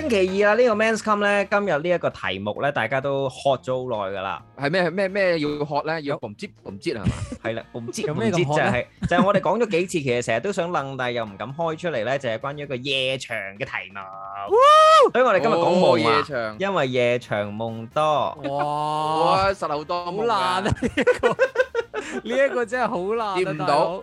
星期二啦，呢個 men's come 咧，今日呢一個題目咧，大家都 hot 咗好耐噶啦。係咩咩咩要 hot 咧？我唔知我唔知係嘛？係啦，唔知唔知就係就係我哋講咗幾次，其實成日都想諗，但係又唔敢開出嚟咧，就係關於一個夜場嘅題目。所以我哋今日講冇夜場，因為夜場夢多。哇！哇！實流檔，好難啊呢一個，呢一個真係好難，接唔到。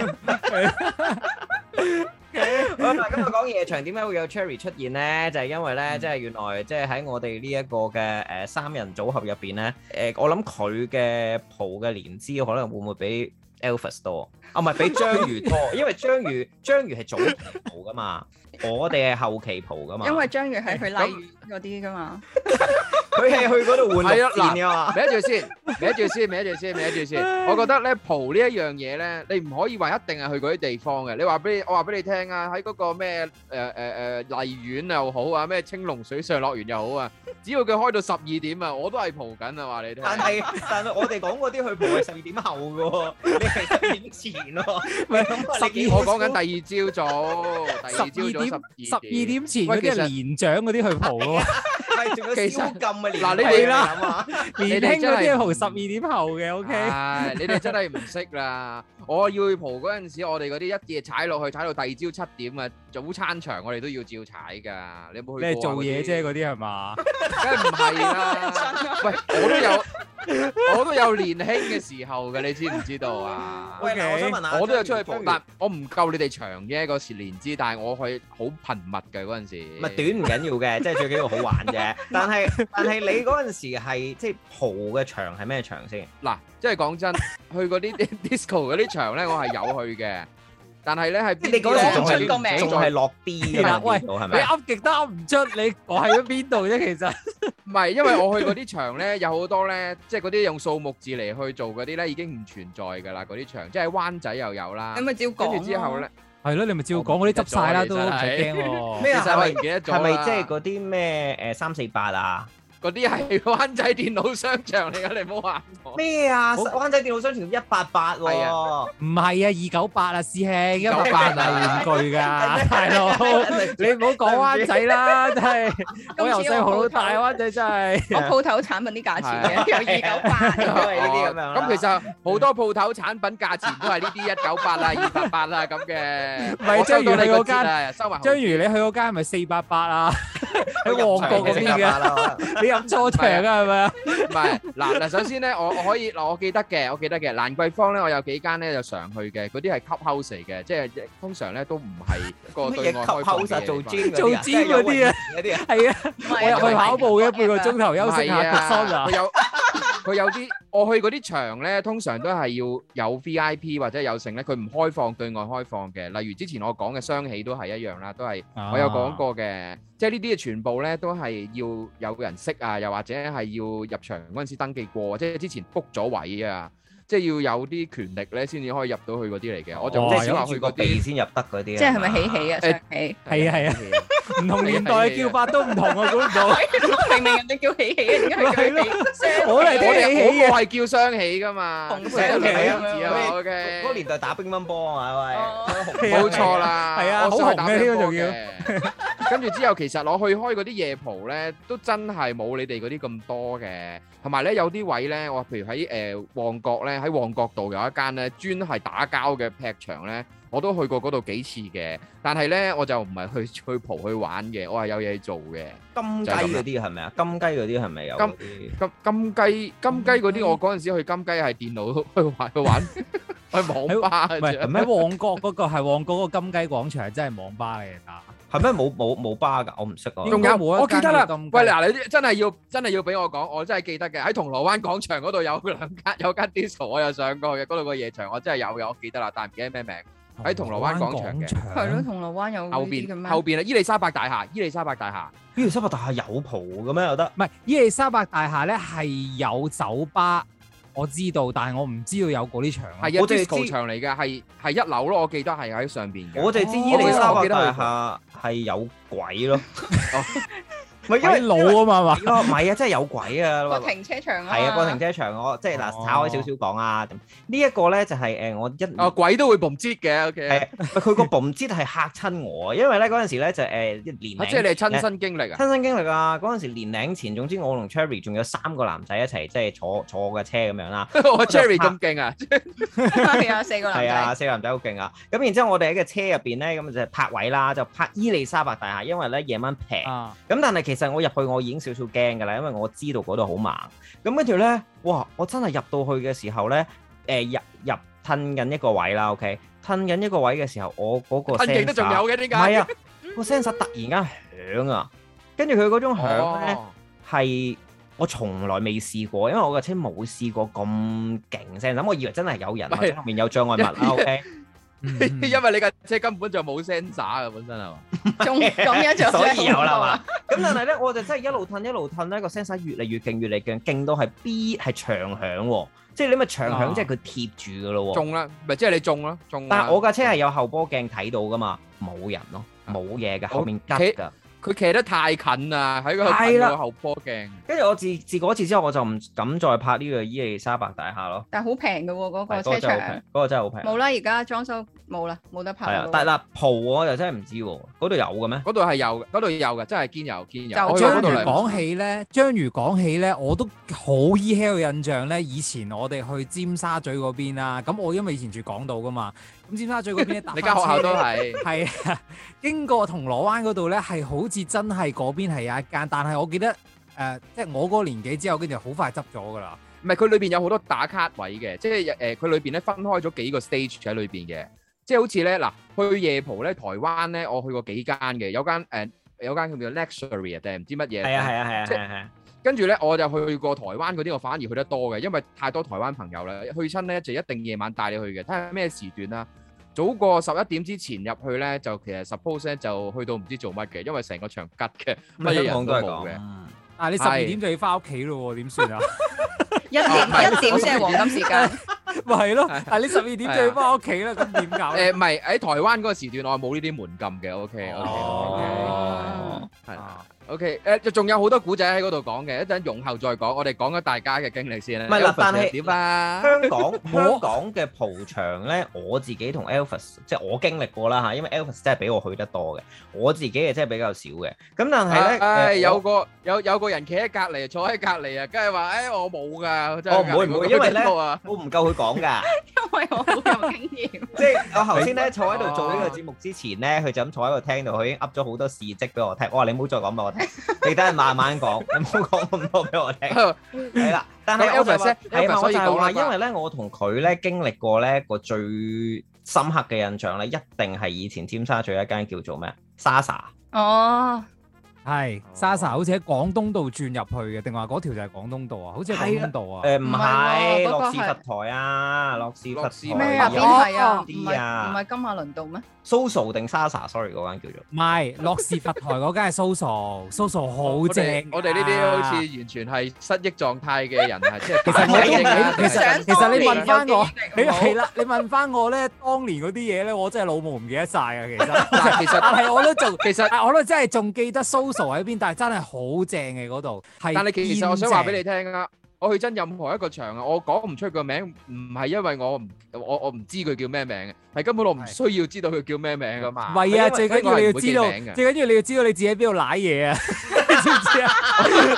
O K， 今日講夜場，點解會有 Cherry 出現呢？就係、是、因為呢，即係、嗯、原來即係喺我哋呢一個嘅誒、呃、三人組合入邊呢。誒、呃、我諗佢嘅蒲嘅年資可能會唔會比 Alvis 多？啊，唔係比章魚多， 因為章魚章魚係組蒲噶嘛。 我哋係後期蒲㗎嘛，因為章魚係去荔園嗰啲㗎嘛，佢係去嗰度換零件㗎嘛。咪住先，咪住先，咪住先，咪住先。我覺得呢蒲呢一樣嘢呢，你唔可以話一定係去嗰啲地方嘅。你話俾你，我話俾你聽啊，喺嗰個咩誒誒誒荔園又好啊，咩青龍水上樂園又好啊，只要佢開到十二點啊，我都係蒲緊啊！話你聽。但係，但係我哋講嗰啲去蒲係十二點後㗎喎，你係十二點前咯？十二點我講緊第二朝早，第二朝早。十二點前嗰啲年長嗰啲去蒲咯，係仲要禁啊！年嗱實、啊、你哋啦，年輕嗰啲去蒲十二點後嘅 OK，哎、你哋真係唔識啦。 我要去蒲嗰陣時，我哋嗰啲一夜踩落去，踩到第二朝七點啊！早餐場我哋都要照踩㗎。你有冇去過、啊？即係做嘢啫，嗰啲係嘛？梗係唔係啦？喂， 我都有，我都有年輕嘅時候嘅，你知唔知道啊 Okay,？我想問下，我都有出去蒲章魚，但我唔夠你哋長啫。嗰時年資，但係我去好頻密嘅嗰陣時。唔短唔緊要嘅，即係最緊要好玩嘅。但係但係你嗰陣時係即係蒲嘅長係咩長先？嗱，即係講真，去嗰啲 disco 嗰啲場。場咧，我係有去嘅，但係咧，係你講出個名，仲係落啲嘅。喂，你噏極都噏唔出，你我喺咗邊度啫？其實唔係，因為我去嗰啲場咧，有好多咧，即係嗰啲用數目字嚟去做嗰啲咧，已經唔存在噶啦。嗰啲場即係灣仔又有啦。咁咪照講，跟住之後咧，係咯，你咪照講嗰啲執晒啦都。咩啊？其實我唔記得咗啦。係咪即係嗰啲咩誒三四八啊？嗰啲係灣仔電腦商場嚟噶，你唔好話咩啊？灣仔電腦商場一八八喎，唔係啊，二九八啊，師兄，九八啊，玩具噶，大佬，你唔好講灣仔啦，真係，咁又真好大灣仔，真係個鋪頭產品啲價錢嘅，有二九八嘅呢啲咁樣。咁其實好多鋪頭產品價錢都係呢啲一九八啊、二八八啊咁嘅。唔係，章魚去嗰間，章魚你去嗰間係咪四八八啊？喺旺角嗰邊嘅，你飲錯場啊，係咪啊？唔係，嗱嗱，首先咧，我可以嗱，我記得嘅，我記得嘅，蘭桂坊咧，我有幾間咧就常去嘅，嗰啲係 club house 嚟嘅，即係通常咧都唔係個對外開放嘅。咩嘢 club house 做 gym 做 gym 嗰啲啊？係啊，我入去跑步嘅半個鐘頭，休息下脫光噶。佢有啲我去嗰啲場呢，通常都係要有 VIP 或者有剩呢，佢唔開放對外開放嘅。例如之前我講嘅雙喜都係一樣啦，都係我有講過嘅。啊、即係呢啲全部呢都係要有人識啊，又或者係要入場嗰陣時候登記過，即係之前 book 咗位啊。即係要有啲權力咧，先至可以入到去嗰啲嚟嘅。我就即係話去啲，地先入得嗰啲。即係係咪喜喜啊？雙喜係啊係啊，唔同年代嘅叫法都唔同啊，估唔到。明明人哋叫喜喜啊，點解佢哋雙？我係啲喜喜嘅，我係叫雙喜噶嘛。紅喜咁樣。嗰個年代打乒乓波啊，喂！冇錯啦，係啊，好紅嘅添啊，仲要。跟住之後，其實我去開嗰啲夜蒲咧，都真係冇你哋嗰啲咁多嘅。同埋咧，有啲位咧，我譬如喺誒、呃、旺角咧，喺旺角度有一間咧專係打交嘅劈場咧，我都去過嗰度幾次嘅。但係咧，我就唔係去去蒲去玩嘅，我係有嘢做嘅。金雞嗰啲係咪啊？金雞嗰啲係咪有？金金金雞金雞嗰啲，我嗰陣時去金雞係電腦去玩去玩，係 網吧喂？唔係 旺角嗰、嗰個係旺角嗰個金雞廣場係真係網吧嚟㗎。係咩？冇冇冇吧噶？我唔識喎。更加冇啊！我記得啦。喂，嗱，你真係要真係要俾我講，我真係記得嘅。喺銅鑼灣廣場嗰度有兩間有間 disco，我又上過嘅。嗰度個夜場我真係有有，我記得啦，但係唔記得咩名。喺銅鑼灣廣場嘅。係咯，銅鑼灣有後邊後邊啊！伊利沙伯大廈，伊利沙伯大廈，伊利沙伯大廈有蒲嘅咩又得？唔係，伊利沙伯大廈咧係有酒吧。我知道，但係我唔知道有嗰啲場。係啊的，迪士高場嚟嘅，係，係一樓咯，我記得係喺上邊嘅。我哋知伊利沙伯大廈係有鬼咯。 唔係因為老啊嘛，唔係啊，真係有鬼啊，個停車場，係啊，個停車場，我即係嗱炒開少少講啊。呢一個咧就係誒我一鬼都會 boom z 嘅，佢個 boom z 係嚇親我，因為咧嗰時咧就一年零，即係你係親身經歷啊，親身經歷啊。嗰陣時年零前，總之我同 Cherry 仲有三個男仔一齊即係坐坐我嘅車咁樣啦。我 Cherry 咁勁啊，係啊，四個男仔，係啊，四個男仔好勁啊。咁然之後我哋喺個車入邊咧咁就拍位啦，就拍伊利沙伯大廈，因為咧夜晚平。咁但係其實就我入去，我已經少少驚嘅啦，因為我知道嗰度好猛。咁跟住咧，哇！我真係入到去嘅時候咧，誒、呃、入入吞緊一個位啦，OK？吞緊一個位嘅時候，我嗰個仲有嘅點解？係啊，個聲實突然間響啊！跟住佢嗰種響咧，係、oh. 我從來未試過，因為我架車冇試過咁勁聲，咁 我以為真係有人或者是面有障礙物啦，OK？ 因為你架車根本就冇 sensor 本身係嘛，中咁樣就所以有啦嘛。咁 但係咧，我就真係一路褪一路褪咧，個 sensor 越嚟越勁，越嚟勁，勁到係 B 係長響，即係你咪長響即係佢貼住噶咯中啦，咪即係你中啦。中。但係我架車係有後波鏡睇到噶嘛，冇人咯，冇嘢嘅後面噶。佢騎得太近啦，喺嗰個後坡鏡。跟住我自自嗰次之後，我就唔敢再拍呢個伊、e、利沙白大廈咯。但係好平嘅喎，嗰、嗰個車場，嗰個真係好平。冇、那、啦、個，而家裝修冇啦，冇得拍。係啊，但嗱蒲、呃、我又真係唔知喎，嗰度有嘅咩？嗰度係有，嗰度有嘅，真係堅有堅有。章魚講起咧，章魚講起咧，我都好依稀有印象咧。以前我哋去尖沙咀嗰邊啦，咁我因為以前住港島噶嘛。咁尖沙咀嗰邊咧，你間學校都係係經過銅鑼灣嗰度咧，係好似真係嗰邊係有一間，但係我記得誒，即、呃、係、就是、我嗰個年紀之後，跟住好快執咗噶啦。唔係佢裏邊有好多打卡位嘅，即係誒佢裏邊咧分開咗幾個 stage 喺裏邊嘅，即係好似咧嗱，去夜蒲咧，台灣咧我去過幾間嘅，有間誒、呃、有間叫咩 Luxury 定唔知乜嘢，係啊係啊係啊，啊啊即係、啊啊、跟住咧我就去過台灣嗰啲，我反而去得多嘅，因為太多台灣朋友啦。去親咧就一定夜晚帶你去嘅，睇下咩時段啊。早過十一點之前入去咧，就其實 suppose 咧就去到唔知做乜嘅，因為成個場吉嘅，乜人都冇嘅。但你十二點就要翻屋企咯，點算啊？一點一點先係黃金時間，咪係咯？啊，你十二點就要翻屋企啦，咁點搞？誒、啊，唔係喺台灣嗰個時段，我冇呢啲門禁嘅。OK，k OK，係、okay, okay, 啊。啊。O.K. 誒，就仲有好多古仔喺嗰度講嘅，一陣容後再講。我哋講一大家嘅經歷先咧。唔係啦，但係香港香港嘅蒲場咧，我自己同 Alvis 即係我經歷過啦嚇，因為 Alvis 真係比我去得多嘅，我自己嘅真係比較少嘅。咁但係咧，誒，有個有有個人企喺隔離，坐喺隔離啊，梗係話誒我冇㗎，我真係冇。我唔會唔會，因為咧，我唔夠佢講㗎，因為我冇經驗。即係我頭先咧坐喺度做呢個節目之前咧，佢就咁坐喺度聽到佢已經噏咗好多事蹟俾我聽。我話你唔好再講啦。 你等陣慢慢講，你唔好講咁多俾我聽。係啦， 但係我就係，我就係因為咧，我同佢咧經歷過咧個最深刻嘅印象咧，一定係以前尖沙咀一間叫做咩？Sasa 哦。沙沙 oh. 係，Sasa 好似喺廣東道轉入去嘅，定話嗰條就係廣東道啊？好似廣東道啊？誒唔係，諾士佛臺啊，諾士佛寺入邊係啊，唔係金馬倫道咩？Soso 定 Sasa，sorry 嗰間叫做？唔係，諾士佛臺嗰間係 Soso，Soso 好正。我哋呢啲好似完全係失憶狀態嘅人係，即係其實我都其實其實你問翻我，你係啦，你問翻我咧，當年嗰啲嘢咧，我真係老毛唔記得晒啊，其實，但係我都仲其實，但係我都真係仲記得 Soso。喺邊，但係真係好正嘅嗰度。係，但係其實我想話俾你聽啊，我去真任何一個場啊，我講唔出個名，唔係因為我唔我我唔知佢叫咩名，係根本我唔需要知道佢叫咩名噶嘛。唔係啊，最緊要你要知道，最緊要你要知道你自己喺邊度瀨嘢啊？知唔知啊？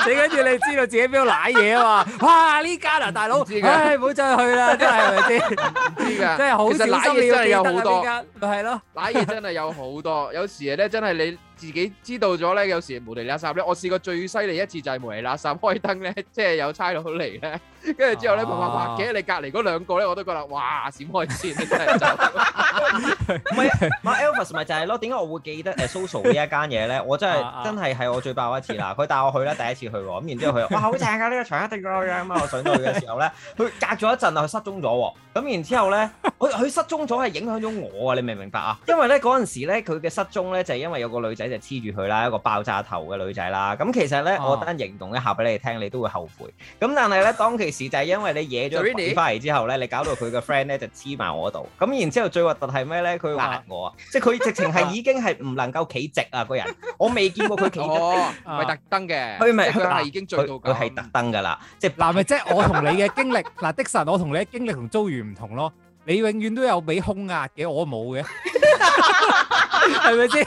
最緊要你要知道自己邊度瀨嘢啊嘛？哇！呢加拿大佬，唉，唔好再去啦，真係咪先？知噶，真係好少瀨嘢，真係有好多，咪係咯？瀨嘢真係有好多，有時咧真係你。自己知道咗咧，有時無啦啦咧，我試過最犀利一次就係無啦啦開燈咧，即係有差佬嚟咧，跟住之後咧，啪啪啪，記得你隔離嗰兩個咧，我都覺得哇閃開先，真係走啦！唔係，唔係，Alvis 咪就係咯？點解我會記得誒 Social 呢一間嘢咧？我真係真係係我最爆一次啦！佢帶我去咧，第一次去喎，咁然之後佢話哇好正㗎，呢個場一定㗎，咁啊我上到去嘅時候咧，佢隔咗一陣啊，佢失蹤咗喎，咁然之後咧，佢佢失蹤咗係影響咗我啊！你明唔明白啊？因為咧嗰陣時咧佢嘅失蹤咧就係因為有個女仔。就黐住佢啦，一個爆炸頭嘅女仔啦。咁其實咧，哦、我單形容一下俾你聽，你都會後悔。咁但係咧，當其時就係因為你惹咗佢，起翻嚟之後咧， 你搞到佢個 friend 咧就黐埋我度。咁然之後最核突係咩咧？佢壓我啊！ 即係佢直情係已經係唔能夠企直啊！個人我未見過佢企直，啊，係特登嘅。佢咪？係佢係已經醉到佢係特登噶啦。即係嗱，咪即係我，你 Tiksan，我你同 你嘅經歷嗱，Tiksan，我同你嘅經歷同遭遇唔同咯。你永遠都有俾空壓嘅，我冇嘅。係咪先？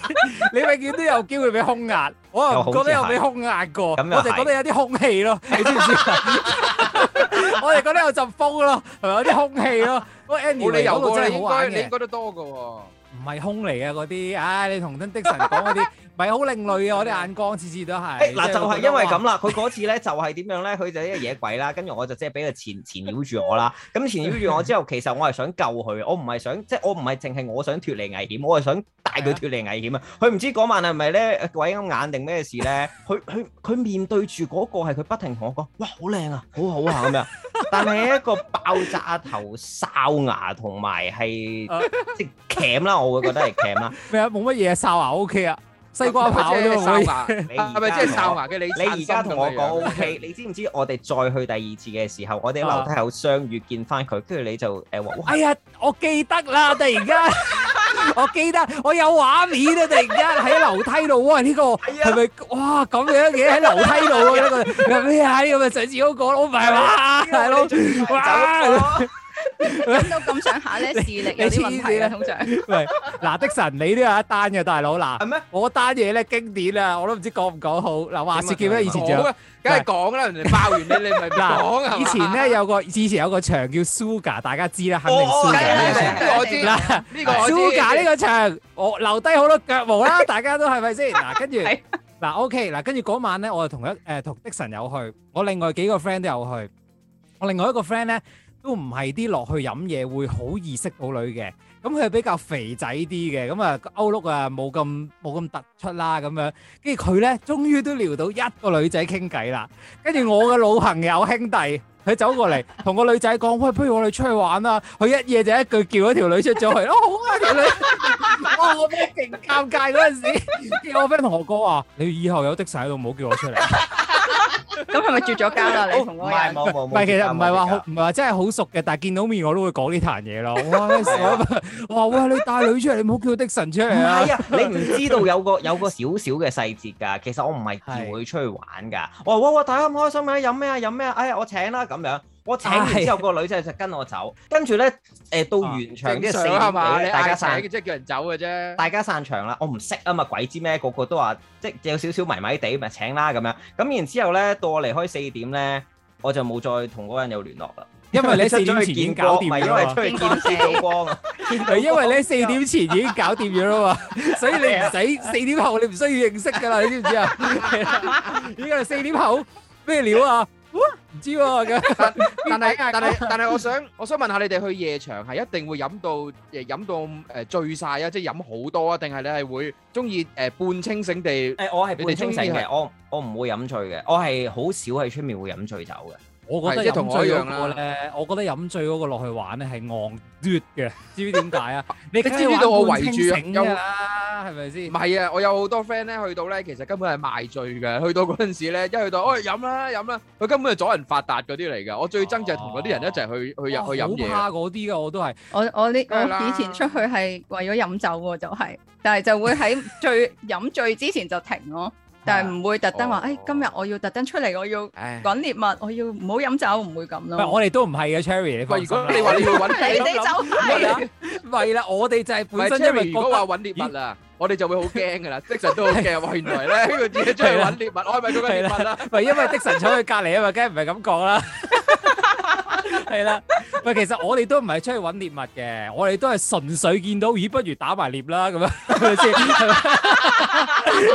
你永遠都有機會俾胸壓，我又唔覺得有俾胸壓過，樣我就覺得有啲空氣咯。你知唔知？ 我哋覺得有陣風咯，有啲空氣咯。我 Annie 嗰度真係應該，你應該都多嘅喎、哦。咪空嚟嘅嗰啲，唉、啊，你同 Tiksan 講嗰啲咪好另類啊！我啲眼光次次都係，嗱、欸、就係因為咁啦，佢嗰 次咧就係點樣咧？佢就一個野鬼啦，跟住我就即係俾佢纏纏繞住我啦。咁纏繞住我之後，其實我係想救佢，我唔係想即係、就是、我唔係淨係我想脫離危險，我係想帶佢脫離危險啊！佢唔知嗰晚係咪咧鬼咁眼定咩事咧？佢佢佢面對住嗰、那個係佢不停同我講，哇，好靚啊，好好，好啊咁樣。但係一個爆炸頭、哨牙同埋係即係 c 啦，我會覺得係 c 啦。咩啊？冇乜嘢哨牙，O K 啊。西瓜刨咗哨牙，係咪即係哨牙嘅你？你而家同我講 O K，你知唔知我哋再去第二次嘅時候，我哋喺樓梯口相遇見翻佢，跟住你就誒，哎呀，我記得啦，突然間。 我記得我有畫面啊！突然之間喺樓梯度啊，呢個係咪哇咁樣嘅喺樓梯度啊？呢個咩啊？咁咪上次嗰個囉，唔係話大佬，哇！這個是聽到咁上下咧，視力有啲問題啦。通常，喂嗱，迪神你都有一單嘅大佬。嗱，我單嘢咧經典啊，我都唔知講唔講好。嗱，話說叫咩？以前仲有，梗係講啦。人哋爆完你，你咪講。以前咧有個，以前有個場叫 Sugar，大家知啦，肯定 Sugar 啦。我知啦，呢個我知。Sugar 呢個場，我留低好多腳毛啦，大家都係咪先？嗱，跟住嗱，OK 嗱，跟住嗰晚咧，我就同一誒同迪神有去，我另外幾個 friend 都有去，我另外一個 friend 咧。都唔係啲落去飲嘢會好易識到女嘅，咁佢係比較肥仔啲嘅，咁、那個、啊歐碌啊冇咁冇咁突出啦咁樣，跟住佢咧終於都撩到一個女仔傾偈啦，跟住我嘅老朋友兄弟。 佢走過嚟，同個女仔講：喂，不如我哋出去玩啊！佢一夜就一句叫咗條女出咗去，我好啊條女，哇！我俾勁尷尬嗰陣時，我 friend 同學哥啊：「你以後有 Tiksan 喺度，唔好叫我出嚟。咁係咪絕咗交啦？哦、你同我唔係，唔、哦、其實唔係話唔係話真係好熟嘅，但係見到面我都會講呢壇嘢咯。哇！哇、 哎！你帶女出嚟，你唔好叫 Tiksan 出嚟啊， 啊！你唔知道有個有個少少嘅細節㗎。其實我唔係叫佢出去玩㗎。哇是！哇！大家咁開心啊！飲咩啊？飲咩、啊啊、哎呀，我請啦、啊！咁樣，我請完之後個女仔就跟我走，跟住咧，誒到完場，即係四點幾咧，大家散即係叫人走嘅啫。大家散場啦，我唔識啊嘛，鬼知咩？個個都話即係有少少迷迷哋，咪請啦咁樣。咁然之後咧，到我離開四點咧，我就冇再同嗰人有聯絡啦。因為你四點前已經搞掂咗啊嘛，因為出去見光啊，係因為你四點前已經搞掂咗啦嘛，所以你唔使四點後你唔需要認識噶啦，你知唔知啊？已經係四點後咩料啊？唔知喎，但係但係但係我想我想問下你哋去夜場係一定會飲到誒飲到誒、呃、醉曬啊，即係飲好多啊，定係你係會中意、呃、半清醒地？誒、欸、我係半清醒嘅，我我唔會飲醉嘅，我係好少喺出面會飲醉酒嘅。我覺得飲醉嗰個咧，同我一樣，我覺得飲醉嗰個落去玩咧係戇劣嘅。知唔知點解啊？ 你知唔知道我圍住醒㗎啦？係咪先？唔係啊！我有好多 friend 咧，去到咧其實根本係賣醉嘅。去到嗰陣時咧，一去到，喂飲啦飲啦，佢根本係阻人發達嗰啲嚟嘅。我最憎就係同嗰啲人一齊去、哦、去入哇去飲嘢。好怕嗰啲㗎，我都係。我我呢啦我以前出去係為咗飲酒喎，就係、是，但係就會喺醉，飲 醉之前就停咯。但係唔會特登話，誒今日我要特登出嚟，我要揾獵物，我要唔好飲酒，唔會咁咯。我哋都唔係嘅，Cherry 你講。唔係，如果你話你要揾獵物，就係啦。係啦，我哋就係本身。因 h e 如果話揾獵物啦，我哋就會好驚㗎啦。的神都好驚，原來咧佢啲嘢真係揾獵物，我係咪嗰個獵物啊？唔係因為的神坐喺隔離啊嘛，梗係唔係咁講啦。係啦，唔係其實我哋都唔係出去搵獵物嘅，我哋都係純粹見到，咦不如打埋獵啦咁樣，係咪先？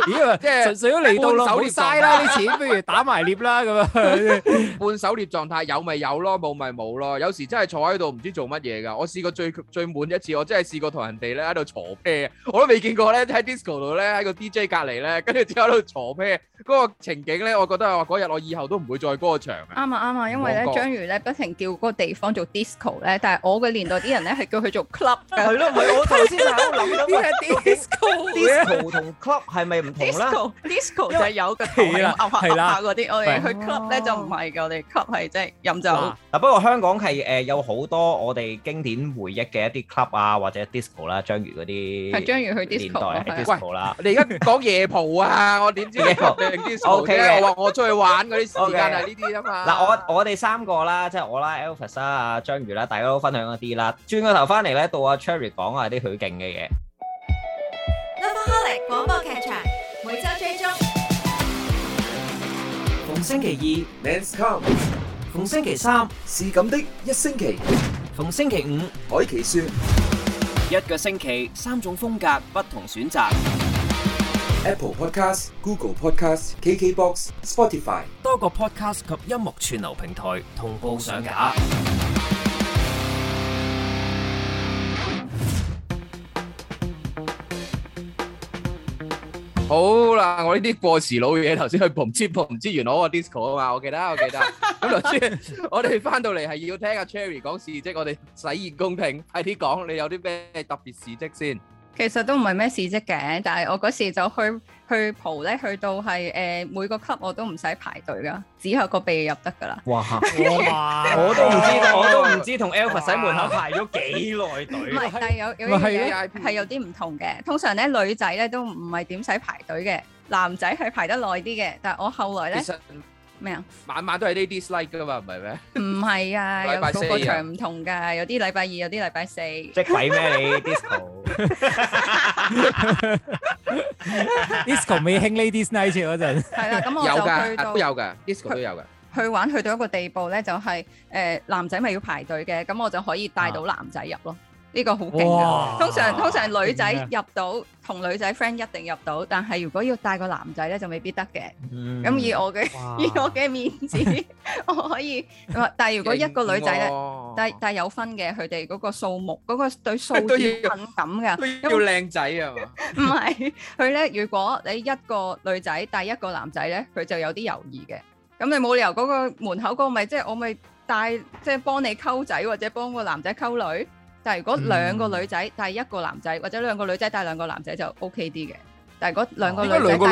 咦啊，即係純粹都嚟到手獵，好嘥啦啲錢，不如打埋獵啦咁啊，半狩獵狀態有咪有咯，冇咪冇咯，有時真係坐喺度唔知做乜嘢㗎。我試過最最悶一次，我真係試過同人哋咧喺度鋤啤，我都未見過咧喺 Disco 度咧喺個 DJ 隔籬咧，跟住之後喺度鋤啤，嗰個情景咧，我覺得我嗰日我以後都唔會再嗰個場。啱啊，啱啊，因為咧章魚咧不停叫。個地方做 disco 咧，但係我個年代啲人咧係叫佢做 club 嘅。係咯，唔係我頭先係諗緊咩 disco？disco 同 club 係咪唔同啦？disco，disco 就係有個頭啊，牛牛下嗰啲。我哋去 club 咧就唔係㗎，我哋 club 係即係飲酒。嗱，不過香港係誒有好多我哋經典回憶嘅一啲 club 啊，或者 disco 啦，章魚嗰啲。係章魚去 disco 年代係 disco 啦。你而家講夜蒲啊，我點知？OK，我話我出去玩嗰啲時間係呢啲啊嘛。嗱，我我哋三個啦，即係我啦。Nova 沙啊，章魚啦，大家都分享一啲啦。轉個頭翻嚟咧，到阿 Cherry 講下啲佢勁嘅嘢。Lovaholic 廣播劇場每周追蹤，逢星期二 Men's Come，逢星期三是咁的一星期，逢星期五海奇說，一個星期三種風格，不同選擇。Apple Podcast、Google Podcast、KKbox、Spotify 多個 podcast 及音樂串流平台同步上架。好啦，我呢啲過時老嘢，頭先去捧 cheap 捧 cheap 元朗個 disco 啊嘛，我記得我記得。咁頭先，我哋翻到嚟，係要聽阿 Cherry 講事跡，我哋洗耳恭聽，快啲講你有啲咩特別事跡先。其實都唔係咩事啫嘅，但係我嗰時就去去蒲咧，去到係誒、呃、每個 Club 我都唔使排隊噶，只係個鼻入得噶啦。哇 我都唔知道，哇我都唔知同 Alvis 喺門口排咗幾耐隊。唔係， 有有啲係有啲唔同嘅。通常咧女仔咧都唔係點使排隊嘅，男仔係排得耐啲嘅。但係我後來咧。咩啊？晚晚都係 Ladies Night 噶嘛，唔係咩？唔係啊，有個個場唔同㗎，有啲禮拜二，有啲禮拜四。即係鬼咩你？Disco，Disco 未興 Ladies Night 嗰陣。係啦，咁我就都有㗎，Disco 都有㗎。去玩去到一個地步咧，就係誒男仔咪要排隊嘅，咁我就可以帶到男仔入咯。呢個好勁啊！通常通常女仔入到同女仔 friend 一定入到，但係如果要帶個男仔咧，就未必得嘅。咁以我嘅以我嘅面子，我可以。 但係如果一個女仔咧、哦，但但係有分嘅，佢哋嗰個數目嗰、嗰個對數字敏感㗎，都要靚為仔啊，唔係佢咧，如果你一個女仔帶一個男仔咧，佢就有啲猶豫嘅。咁你冇理由嗰個門口嗰、嗰個咪即係我咪帶即係、即係、幫你溝仔或者幫個男仔溝女。但如果兩個女仔帶一個男仔，嗯、或者兩個女仔帶兩個男仔就 OK 啲嘅。但如果兩個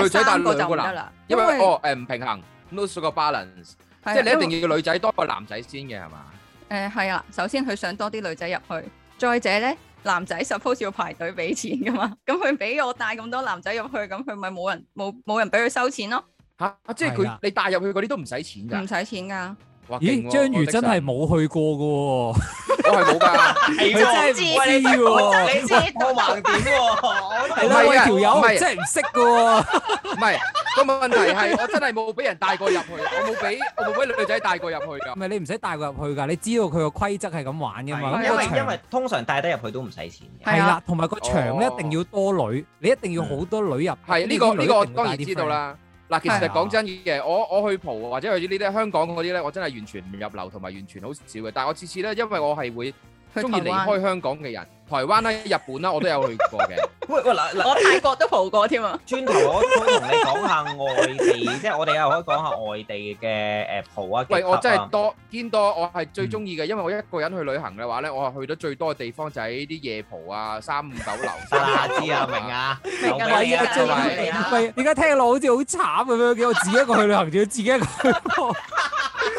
女仔帶三個就唔得啦，因為，因為哦呃、唔平衡，lose 個 balance，為即係你一定要女仔多過男仔先嘅係嘛？誒係啊，首先佢想多啲女仔入去，再者咧男仔 suppose 要排隊俾錢噶嘛，咁佢俾我帶咁多男仔入去，咁佢咪冇人冇冇人俾佢收錢咯？嚇、啊！即係佢的你帶入去嗰啲都唔使錢㗎，唔使錢㗎。咦，章魚真係冇去過嘅喎，我係冇㗎，你真係唔知喎，你知，我盲點喎，係啦，條友，真係唔識嘅喎，唔係，咁啊問題係我真係冇俾人帶過入去，我冇俾我冇俾女仔帶過入去㗎，唔係你唔使帶佢入去㗎，你知道佢個規則係咁玩嘅嘛，因為因為通常帶得入去都唔使錢嘅，係啦，同埋個場咧一定要多女，你一定要好多女入，係呢個呢個我當然知道啦。嗱，其實講真嘅、啊，我我去蒲或者去呢啲香港嗰啲咧，我真係完全唔入流同埋完全好少嘅。但係我次次咧，因為我係會中意離開香港嘅人。台灣啦、日本啦，我都有去過嘅。喂喂，嗱我泰國都蒲過添啊！轉頭，我同你講下外地，即係我哋又可以講下外地嘅 a 夜蒲啊。喂，我真係多見多，我係最中意嘅，因為我一個人去旅行嘅話咧，我係去到最多嘅地方就喺啲夜蒲啊、三五九樓啲啊，明啊？鬼啊！最唔係，而家聽落好似好慘咁樣，叫我自己一個去旅行，仲要自己一個，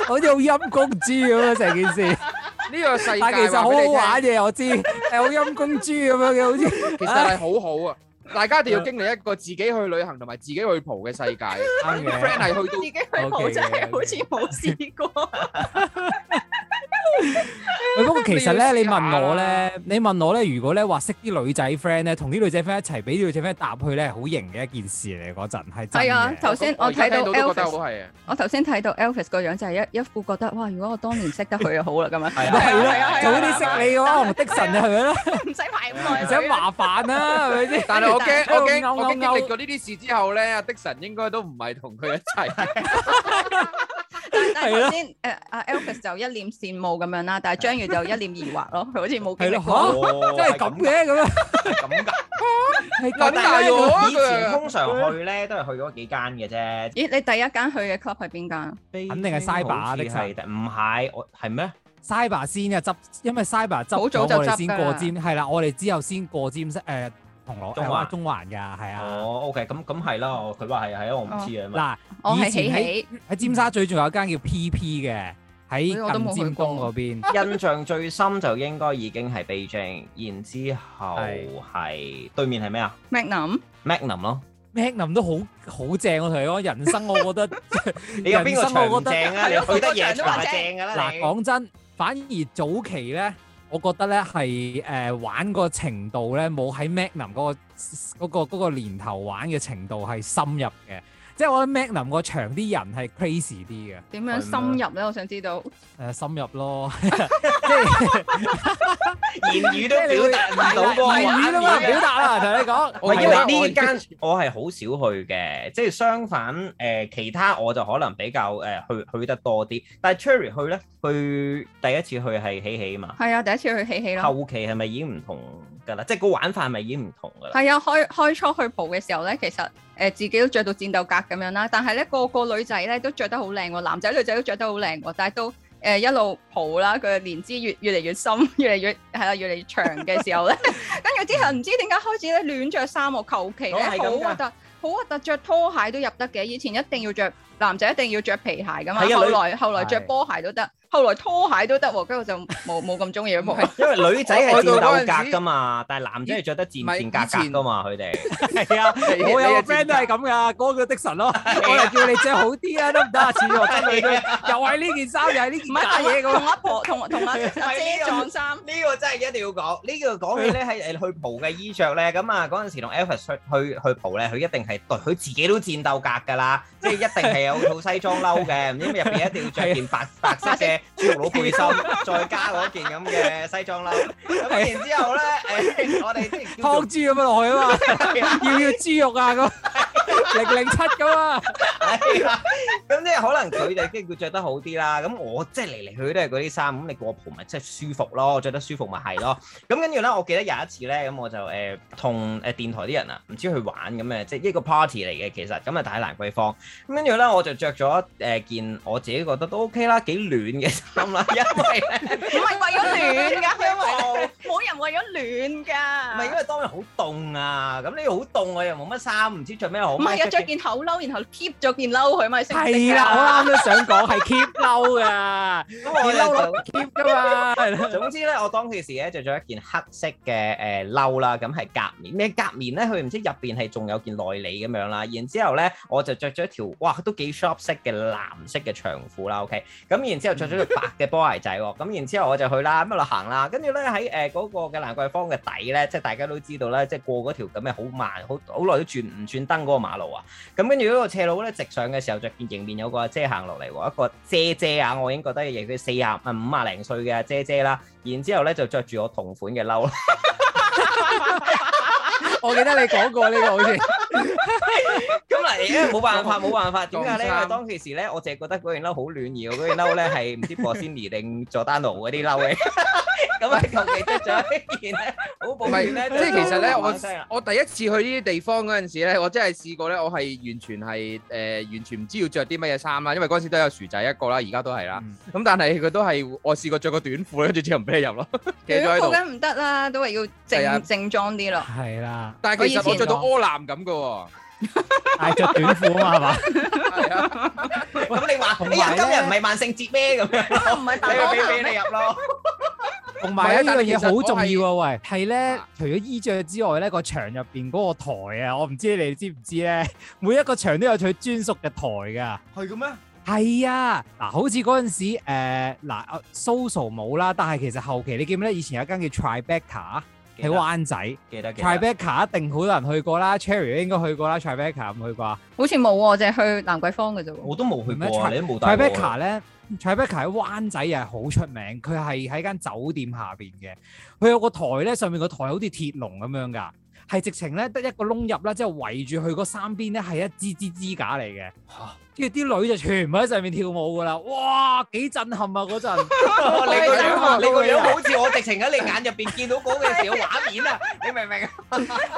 好似好陰公知咁啊！成件事。呢個世界，其實好好玩嘅，我知。金公豬咁樣嘅，好似其實係好好啊！唉大家一定要經歷一個自己去旅行同埋自己去蒲嘅世界。Okay. friend 係去到，自己去蒲，真係好似冇試過。Okay. 不過其實咧，你問我咧，你問我咧，如果咧話識啲女仔 friend 咧，同啲女仔 friend 一齊俾啲女仔 friend 搭配咧，好型嘅一件事嚟嗰陣係。係啊，頭先我睇到我 Elvis 個樣就係一一副覺得哇，如果我當年識得佢就好啦，咁啊係啦，早啲識你咯，Tiksan 就係啦，唔使排，唔使麻煩啦，係咪先？但係我驚我驚我經歷過呢啲事之後咧，阿 Tiksan 應該都唔係同佢一齊。係啦，誒阿 Alvis 就一臉羨慕咁樣啦，但係章魚就一臉疑惑咯，佢好似冇記憶喎，真係咁嘅咁樣，咁噶？係咁大勇啊！以前通常去咧都係去嗰幾間嘅啫。咦？你第一間去嘅 club 係邊間？肯定係 Cyber，定係，唔係我係咩？Cyber 先啊，執，因為 Cyber 執咗我哋先過尖，係啦，我哋之後先過尖室誒。中環，中環噶，係啊。哦，OK，咁咁係啦。佢話係係啊，我唔知啊。嗱，以前喺喺尖沙咀仲有間叫 PP 嘅，喺近尖東嗰邊。印象最深就應該已經係 Beijing，然之後係對面係咩啊？Magnum，Magnum 咯，Magnum 都好好正啊！我同你講，人生我覺得，人生我覺得正啊，你去得嘢都正噶啦。嗱，講真，反而早期咧。我覺得呢係誒、玩個程度咧，冇喺 Magnum 嗰個嗰個嗰個年頭玩嘅程度係深入嘅。即係我覺得 Mac 林個場啲人係 crazy 啲嘅。點樣深入咧？是我想知道。誒、呃、深入咯，即 係 言語都表達唔到，言 是 語都冇表達啦。同你講，因為呢間不 我係好少去嘅， 即係相反誒、呃，其他我就可能比較誒、呃、去去得多啲。但係 Cherry 去咧，去第一次去係喜喜啊嘛。係啊，第一次去喜喜咯。 後期係咪已經唔同？即係個玩法咪已經唔同㗎啦。係啊，開開初去蒲嘅時候咧，其實誒、呃、自己都着到戰鬥格咁樣啦。但係咧，個個女仔咧都着得好靚喎，男仔女仔都着得好靚喎。但係都誒、呃、一路蒲啦，佢嘅年資越越嚟越深，越嚟越係啦，越嚟越長嘅時候咧， 跟住之後唔知點解開始咧亂着衫喎，求其咧好核突，好核突，着拖鞋都入得嘅，以前一定要着。男仔一定要著皮鞋㗎嘛，後來後來著波鞋都得，後來拖鞋都得喎，跟住就冇冇咁中意冇。因為女仔係戰鬥格㗎嘛，但係男仔係著得戰戰格格㗎嘛，佢哋係啊，我有個 friend 都係咁㗎，嗰個的神咯，我嚟叫你著好啲啊，得唔得啊？似我真係嘅，又係呢件衫，又係呢件唔係嘢㗎喎。同阿婆同同阿姐撞衫。呢個真係一定要講，呢個講起咧係誒去蒲嘅衣著咧，咁啊嗰陣時同 Alvis 去去去蒲咧，佢一定係佢自己都戰鬥格㗎啦，即係一定係。有套西裝褸嘅，唔知咩入邊一定要着件白 白色嘅豬肉佬背心，再加嗰件咁嘅西裝褸。咁 的然之後咧、 嗯，我哋之前劏豬咁落去啊嘛， 要要豬肉啊咁，零零七㗎嘛？咁即係可能佢哋即係會着得好啲啦。咁我即係嚟嚟去去都係嗰啲衫。咁你過盤咪即係舒服咯，着得舒服咪係咯。咁跟住咧，我記得有一次咧，咁我就誒同誒電台啲人啊，唔知去玩咁誒，即係一個 party 嚟嘅。其實咁啊，喺蘭桂坊。咁跟住咧，我。我就著咗誒件我自己覺得都 OK 啦，幾暖嘅衫啦，因為唔係為咗暖㗎，因為冇人為咗暖㗎，唔係因為當日好凍啊，咁你好凍我又冇乜衫，唔知著咩好。唔係啊，著件厚褸，然後 keep 咗件褸佢，咪成。係啦，我啱啱都想講係 keep 褸㗎，咁我咧就 keep 㗎嘛。總之咧，我當其時咧著咗一件黑色嘅誒褸啦，咁係夾棉咩夾棉咧？佢唔知入邊係仲有件內裡咁樣啦。然之後咧，我就著咗一條，哇都幾～shop 色嘅藍色嘅長褲啦，OK，咁然之後着咗對白嘅波鞋仔喎，咁 然之後我就去啦，咁啊行啦，跟住咧喺誒嗰個嘅蘭桂坊嘅底咧，即係大家都知道啦，即係過嗰條咁嘅好慢，好好耐都轉唔轉燈嗰個馬路啊，咁跟住嗰個斜路咧直上嘅時候，就見迎面有個阿姐行落嚟喎，一個姐姐啊，我已經覺得應佢四十啊五十零歲嘅姐姐啦，然之後咧就着住我同款嘅褸，我記得你講過呢、這個好似。咁啊！冇 辦法，冇辦法，點解咧？當其時咧，我淨係覺得嗰件褸好暖意，嗰件褸咧係唔知波仙妮定佐丹奴嗰啲褸嘅。 咁啊，求其著咗一件咧，好保暖咧。即係其實咧，我我第一次去呢啲地方嗰陣時咧，我真係試過咧，我係完全係誒，完全唔知要著啲乜嘢衫啦。因為嗰陣時都有薯仔一個啦，而家都係啦。咁但係佢都係我試過著個短褲咧，跟住只唔俾你入咯。短褲梗唔得啦，都係要正正裝啲咯。係啦。但係其實我以前著到柯南咁嘅，係著短褲啊嘛。係啊。咁你話你今日今日唔係萬聖節咩？咁樣。我唔係，俾俾你入咯。同埋一樣嘢好重要啊，喂，係咧，除咗衣着之外咧，個場入邊嗰個台啊，我唔知你知唔知咧，每一個場都有佢專屬嘅台㗎。係嘅咩？係啊，嗱，好似嗰陣時誒嗱 social 冇啦，但係其實後期你記唔記得以前有一間叫 tribeca 喺灣仔，記得嘅。tribeca 一定好多人去過啦，Cherry 應該去過啦，tribeca 唔去啩？好似冇喎，淨係去蘭桂坊嘅啫。我都冇去咩冇 tribeca 咧。c h 蔡 c a 喺灣仔又係好出名，佢係喺間酒店下邊嘅，佢有個台咧，上面個台好似鐵籠咁樣㗎。係直情咧得一個窿入啦，之後圍住佢嗰三邊咧係一支支支架嚟嘅吓。跟住啲女就全部喺上面跳舞噶啦，哇，幾震撼啊！嗰陣，你個樣啊，你個樣好似我直情喺你眼入邊見到嗰個小畫面啊！你明唔明？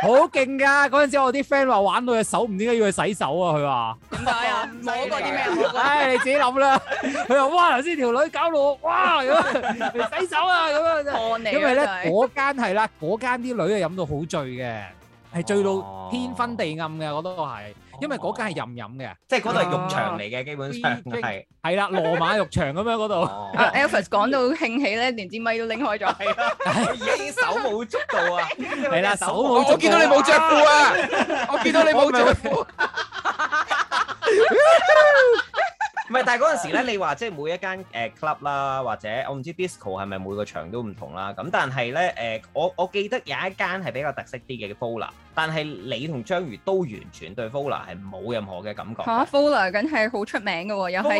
好勁噶！嗰陣時我啲 friend 話玩到隻手，唔知點解要去洗手啊！佢話點解啊？摸過啲咩？唉，你自己諗啦。佢話哇，頭先條女搞到我哇，咁洗手啊咁樣。因為咧嗰間係啦，嗰間啲女啊飲到好醉嘅，係醉到天昏地暗嘅，我都係。因為嗰間係任飲嘅，即係嗰度係浴場嚟嘅，基本上，係係啦，羅馬浴場咁樣嗰度。Alvis 講到興起咧，連支咪都拎開咗，係啦， 已經手舞足蹈啊！係 啦，手舞足蹈。我見到你冇着褲啊！ 我見到你冇着褲啊。 唔係，但係嗰陣時咧，你話即係每一間誒 club 啦，或者我唔知 disco 係咪每個場都唔同啦。咁但係咧誒，我我記得有一間係比較特色啲嘅 Volar，但係你同章魚都完全對 Volar 係冇任何嘅感覺。嚇，Volar 梗係好出名嘅喎，又係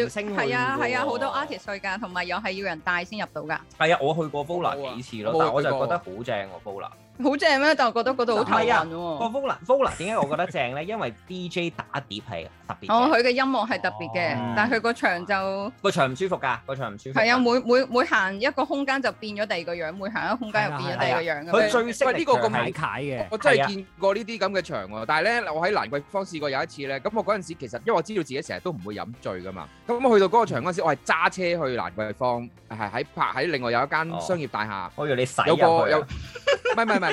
要係啊，係啊，好多 artist 去㗎，同埋又係要人帶先入到㗎。係啊，我去過 Volar 幾次咯，但係我就覺得好正喎 Volar。好正咩？但我覺得嗰度好頭暈喎。個 Vola Vola 點解我覺得正咧？因為 DJ 打碟係特別。哦，佢嘅音樂係特別嘅，但係佢個場就個場唔舒服㗎，個場唔舒服。係啊，每每每行一個空間就變咗第二個樣，每行一個空間又變咗第二個樣。佢最識呢個咁矮㗎。我真係見過呢啲咁嘅場喎。但係咧，我喺蘭桂坊試過有一次咧。咁我嗰陣時其實因為我知道自己成日都唔會飲醉㗎嘛。咁我去到嗰個場嗰時，我係揸車去蘭桂坊，係喺拍喺另外有一間商業大廈。我以為你洗入去。有個有，唔係唔係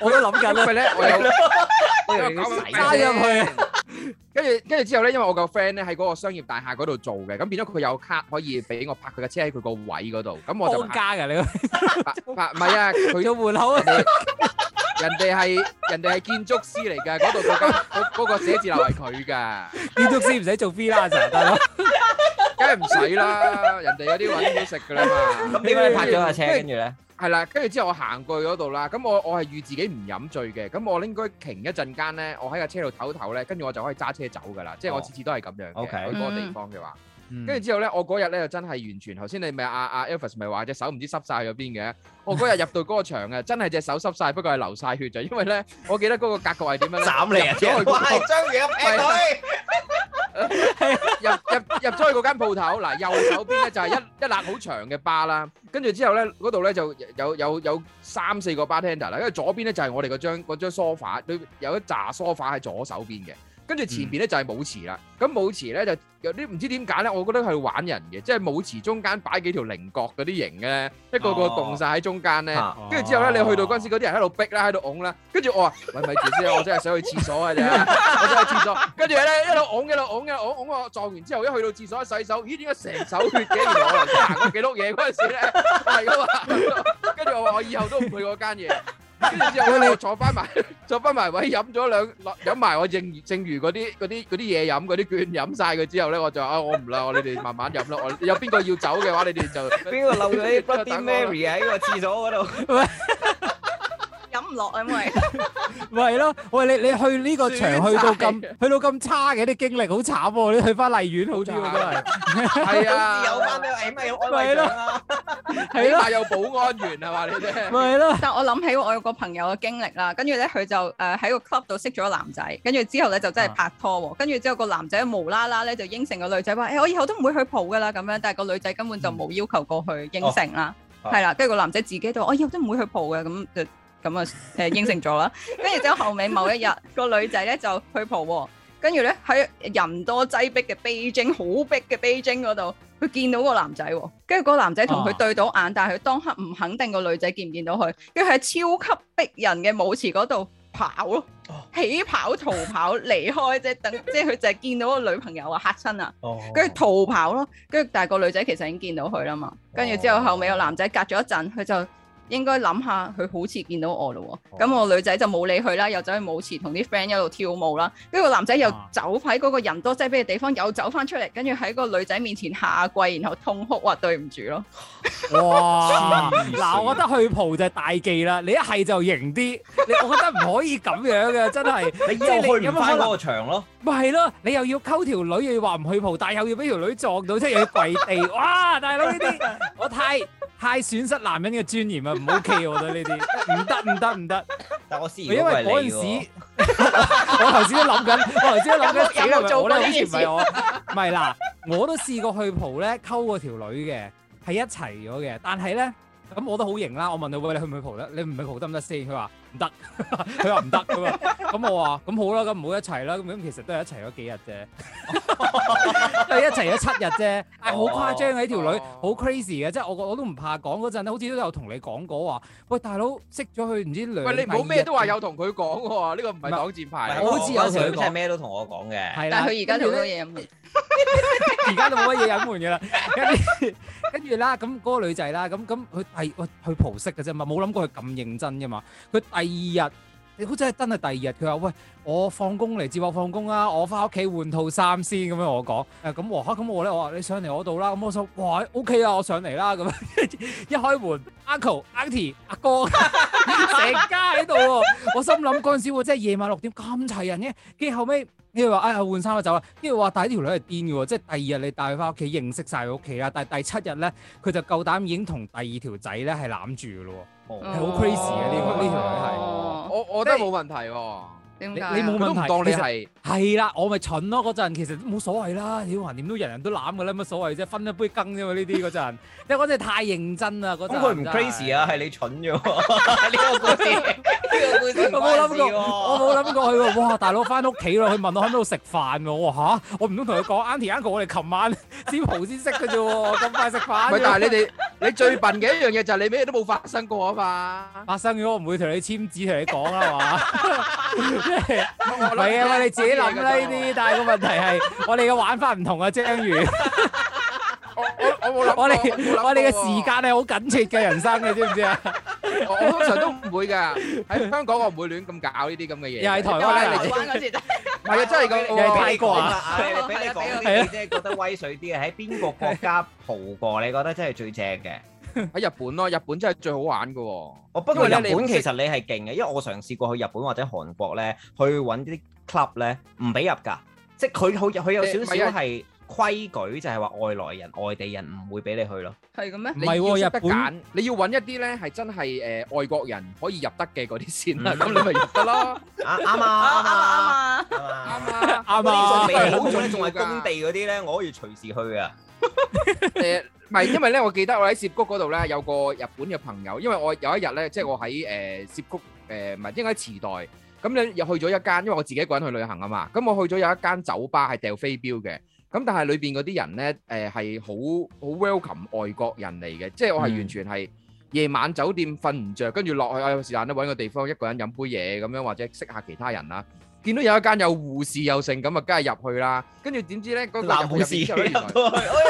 我都諗緊啦。因為咧，我有拉入去，跟住跟住之後咧，因為我個 friend 咧喺嗰個商業大廈嗰度做嘅，咁變咗佢有卡可以俾我泊佢嘅車喺佢個位嗰度。咁我就加噶，你泊泊唔係啊？佢要換口啊！人哋係人哋係建築師嚟噶，嗰度嗰間嗰嗰個寫字樓係佢噶。建築師唔使做 vlogger 就得咯，梗係唔使啦。人哋有啲揾到食噶啦嘛。咁點解你泊咗架車？跟住咧？係啦，跟住之後我行過去嗰度啦，咁我我係預自己唔飲醉嘅，咁我應該停一陣間咧，我喺個車度唞唞咧，跟住我就可以揸車走噶啦，oh. 即係我次次都係咁樣嘅 Okay. 去嗰個地方嘅話，跟住之後咧、啊啊，我嗰日咧就真係完全頭先你咪阿阿 Alvis 咪話隻手唔知濕晒咗邊嘅，我嗰日入到嗰個場啊， 真係隻手濕晒，不過係流晒血就，因為咧我記得嗰個格局係點樣斬你啊，將 入咗去嗰間鋪頭，右手邊咧就係一一攤好長嘅吧啦，跟住之後咧嗰度咧就有有，有三四個 bartender 啦，因為左邊咧就係我哋嗰張嗰張梳化，有一紮 sofa 喺左手邊嘅。跟住前面咧就係舞池啦，咁舞池咧就有啲唔知點解咧，我覺得係玩人嘅，即係舞池中間擺幾條菱角嗰啲形咧，一個個動曬喺中間咧，跟住之後咧你去到嗰陣時嗰啲人喺度逼啦，喺度㧬啦，跟住我話咪咪住先？我真係想去廁所啊！我想去廁所，跟住咧一路㧬嘅，一路㧬嘅，㧬我撞完之後一去到廁所一洗手，咦？點解成手血嘅？原來我行過幾碌嘢嗰陣時咧，係咁啊！跟住我話我以後都唔去嗰間嘢。然後 之後咧，坐翻埋，坐翻埋位飲咗兩，飲埋我剩，剩餘嗰啲啲啲嘢飲嗰啲券飲晒佢之後咧，我就啊、oh, 我唔啦，我你哋慢慢飲啦，我有邊個要走嘅話，你哋就邊個漏咗啲？Bloody Mary 喺個廁所嗰度。 飲唔落，因為係咯，喂，你你去呢個場去到咁去到咁差嘅啲經歷好慘喎，你去翻麗園好慘，係啊，有翻啲誒咩安慰下啦，但有保安員係嘛？你啫，係咯。但係我諗起我有個朋友嘅經歷啦，跟住咧佢就誒喺個 club 度識咗個男仔，跟住之後咧就真係拍拖喎，跟住之後個男仔無啦啦咧就應承個女仔話誒我以後都唔會去蒲㗎啦，咁樣，但係個女仔根本就冇要求過去應承啦，係啦，跟住個男仔自己都我以後都唔會去蒲嘅咁就。咁啊，誒 應承咗啦，跟住之後後尾某一日，個女仔咧就去蒲，跟住咧喺人多擠逼嘅北京，好逼嘅北京嗰度，佢見到男個男仔，跟住個男仔同佢對到眼，啊、但係佢當刻唔肯定個女仔見唔見到佢，跟住喺超級逼人嘅舞池嗰度跑咯，起跑逃跑離開啫，即等即係佢就係見到個女朋友啊嚇親啊，跟住逃跑咯，跟住但係個女仔其實已經見到佢啦嘛，跟住之後後尾個男仔隔咗一陣，佢就。應該諗下佢好似見到我咯喎，咁我女仔就冇理佢啦，又走去舞池同啲 friend 一路跳舞啦，跟住個男仔又走喺嗰個人多即係擠逼嘅地方，又走翻出嚟，跟住喺個女仔面前下跪，然後痛哭話對唔住咯。哇！嗱，我覺得去蒲就係大忌啦，你一係就型啲，你我覺得唔可以咁樣嘅，真係你又去唔翻嗰個場咯，咪係咯，你又要溝條女，又要話唔去蒲，但又要俾條女撞到，即係又要跪地，哇！大佬呢啲我太～太損失男人嘅尊嚴啊，唔 OK 啊！我覺得呢啲唔得唔得唔得。但我試完係你喎。我頭先都諗緊，我頭先都諗緊，點解做呢以前唔係我？唔係嗱，我都試過去蒲咧，溝過條女嘅係一齊咗嘅，但係咧咁我都好型啦。我問佢，喂，你去唔去蒲得？你唔去蒲得唔得先？佢話。唔得，佢話唔得㗎嘛。咁我話咁好啦，咁唔好一齊啦。咁咁其實都係一齊咗幾日啫，都 係 一齊咗七日啫。但、哎、係好誇張嘅呢條女好 crazy 嘅，即係我我都唔怕講嗰陣好似都有同你講過話。喂，大佬識咗佢唔知兩，喂你唔好咩都話有同佢講喎，呢、呢個唔係擋箭牌，是是好似有同佢講咩都同我講嘅，了但係佢而家好多嘢隱瞞。而家都冇乜嘢隱瞞嘅啦。 跟住，跟住啦，咁嗰個女仔啦，咁咁佢係喂去蒲識嘅啫嘛，冇諗過佢咁認真嘅嘛，佢第二日，你估真係真係第二日，佢話：喂，我放工嚟接我放工啊！我翻屋企換套衫先咁樣我、啊啊我，我講。誒咁喎，嚇咁我咧，我話你上嚟我度啦。咁我想，哇，O、OK、K 啊，我上嚟啦咁樣。 一開門 ，Uncle, Auntie, Uncle、 Auntie、阿哥成家喺度喎。我心諗嗰陣時喎，真係夜晚六點咁齊人嘅。跟住後尾……」跟住話哎呀換衫啦走啦，跟住話帶啲條女係癲嘅喎，即係第二日你帶佢翻屋企認識晒佢屋企啦，但係第七日咧佢就夠膽已經同第二條仔咧係攬住嘅咯喎，係好 crazy 嘅。呢個呢條、這個、女係、oh.，我我覺得冇問題喎。你你冇都唔當你係係啦，我咪蠢咯嗰陣，其實冇所謂啦。點還點都人人都攬噶啦，乜所謂啫？分一杯羹啫嘛呢啲嗰陣因為我真係太認真啦。咁佢唔 crazy 啊，係你蠢啫。呢個故事呢個故事我冇諗過，我冇諗過佢哇，大佬翻屋企啦，佢問我喺邊度食飯喎。吓，我唔通同佢講。Andy Uncle，我哋琴晚先蒲先識噶啫，咁快食飯？唔但係你哋你最笨嘅一樣嘢就係你咩都冇發生過啊嘛。發生咗我唔會同你簽紙，同你講啊嘛。唔係啊！我哋自己諗啦呢啲，但係個問題係我哋嘅玩法唔同啊，章魚我我冇諗。我哋我哋嘅時間係好緊切嘅人生，你知唔知啊？我通常都唔會㗎，喺香港我唔會亂咁搞呢啲咁嘅嘢。又係台灣啊！台灣唔係啊，真係咁。又係泰國啊！俾你講啲你即係覺得威水啲啊。喺邊個國家蒲過？你覺得真係最正嘅？喺日本咯，日本真係最好玩㗎喎。哦，不過日本其實你係勁嘅，不因為我嘗試過去日本或者韓國咧，去揾啲 club 咧，唔俾入㗎，即係佢好，佢有少少係。欸欸欸規矩就係話外來人、外地人唔會俾你去咯，係咁咩？唔係喎，入得揀，你要揾一啲咧係真係誒外國人可以入得嘅嗰啲先啦。咁你咪入得咯，啱啊，啱啊，啱啊，啱啊，啱啊，仲未好仲仲係工地嗰啲咧，我可以隨時去啊。誒，唔係因為咧，我記得我喺涉谷嗰度咧有個日本嘅朋友，因為我有一日咧，即係我喺誒涉谷誒唔係應該池袋，咁你又去咗一間，因為我自己一個人去旅行啊嘛，咁我去咗有一間酒吧係掉飛鏢嘅。咁但係裏面嗰啲人呢，誒係好 welcome 外國人嚟嘅，即係我係完全係夜晚酒店瞓唔着，跟住落去有時間揾個地方一個人飲杯嘢咁樣，或者識下其他人啦。見到有一間有護士又剩，咁啊，梗係入去啦。跟住點知咧，嗰個男護士出咗去，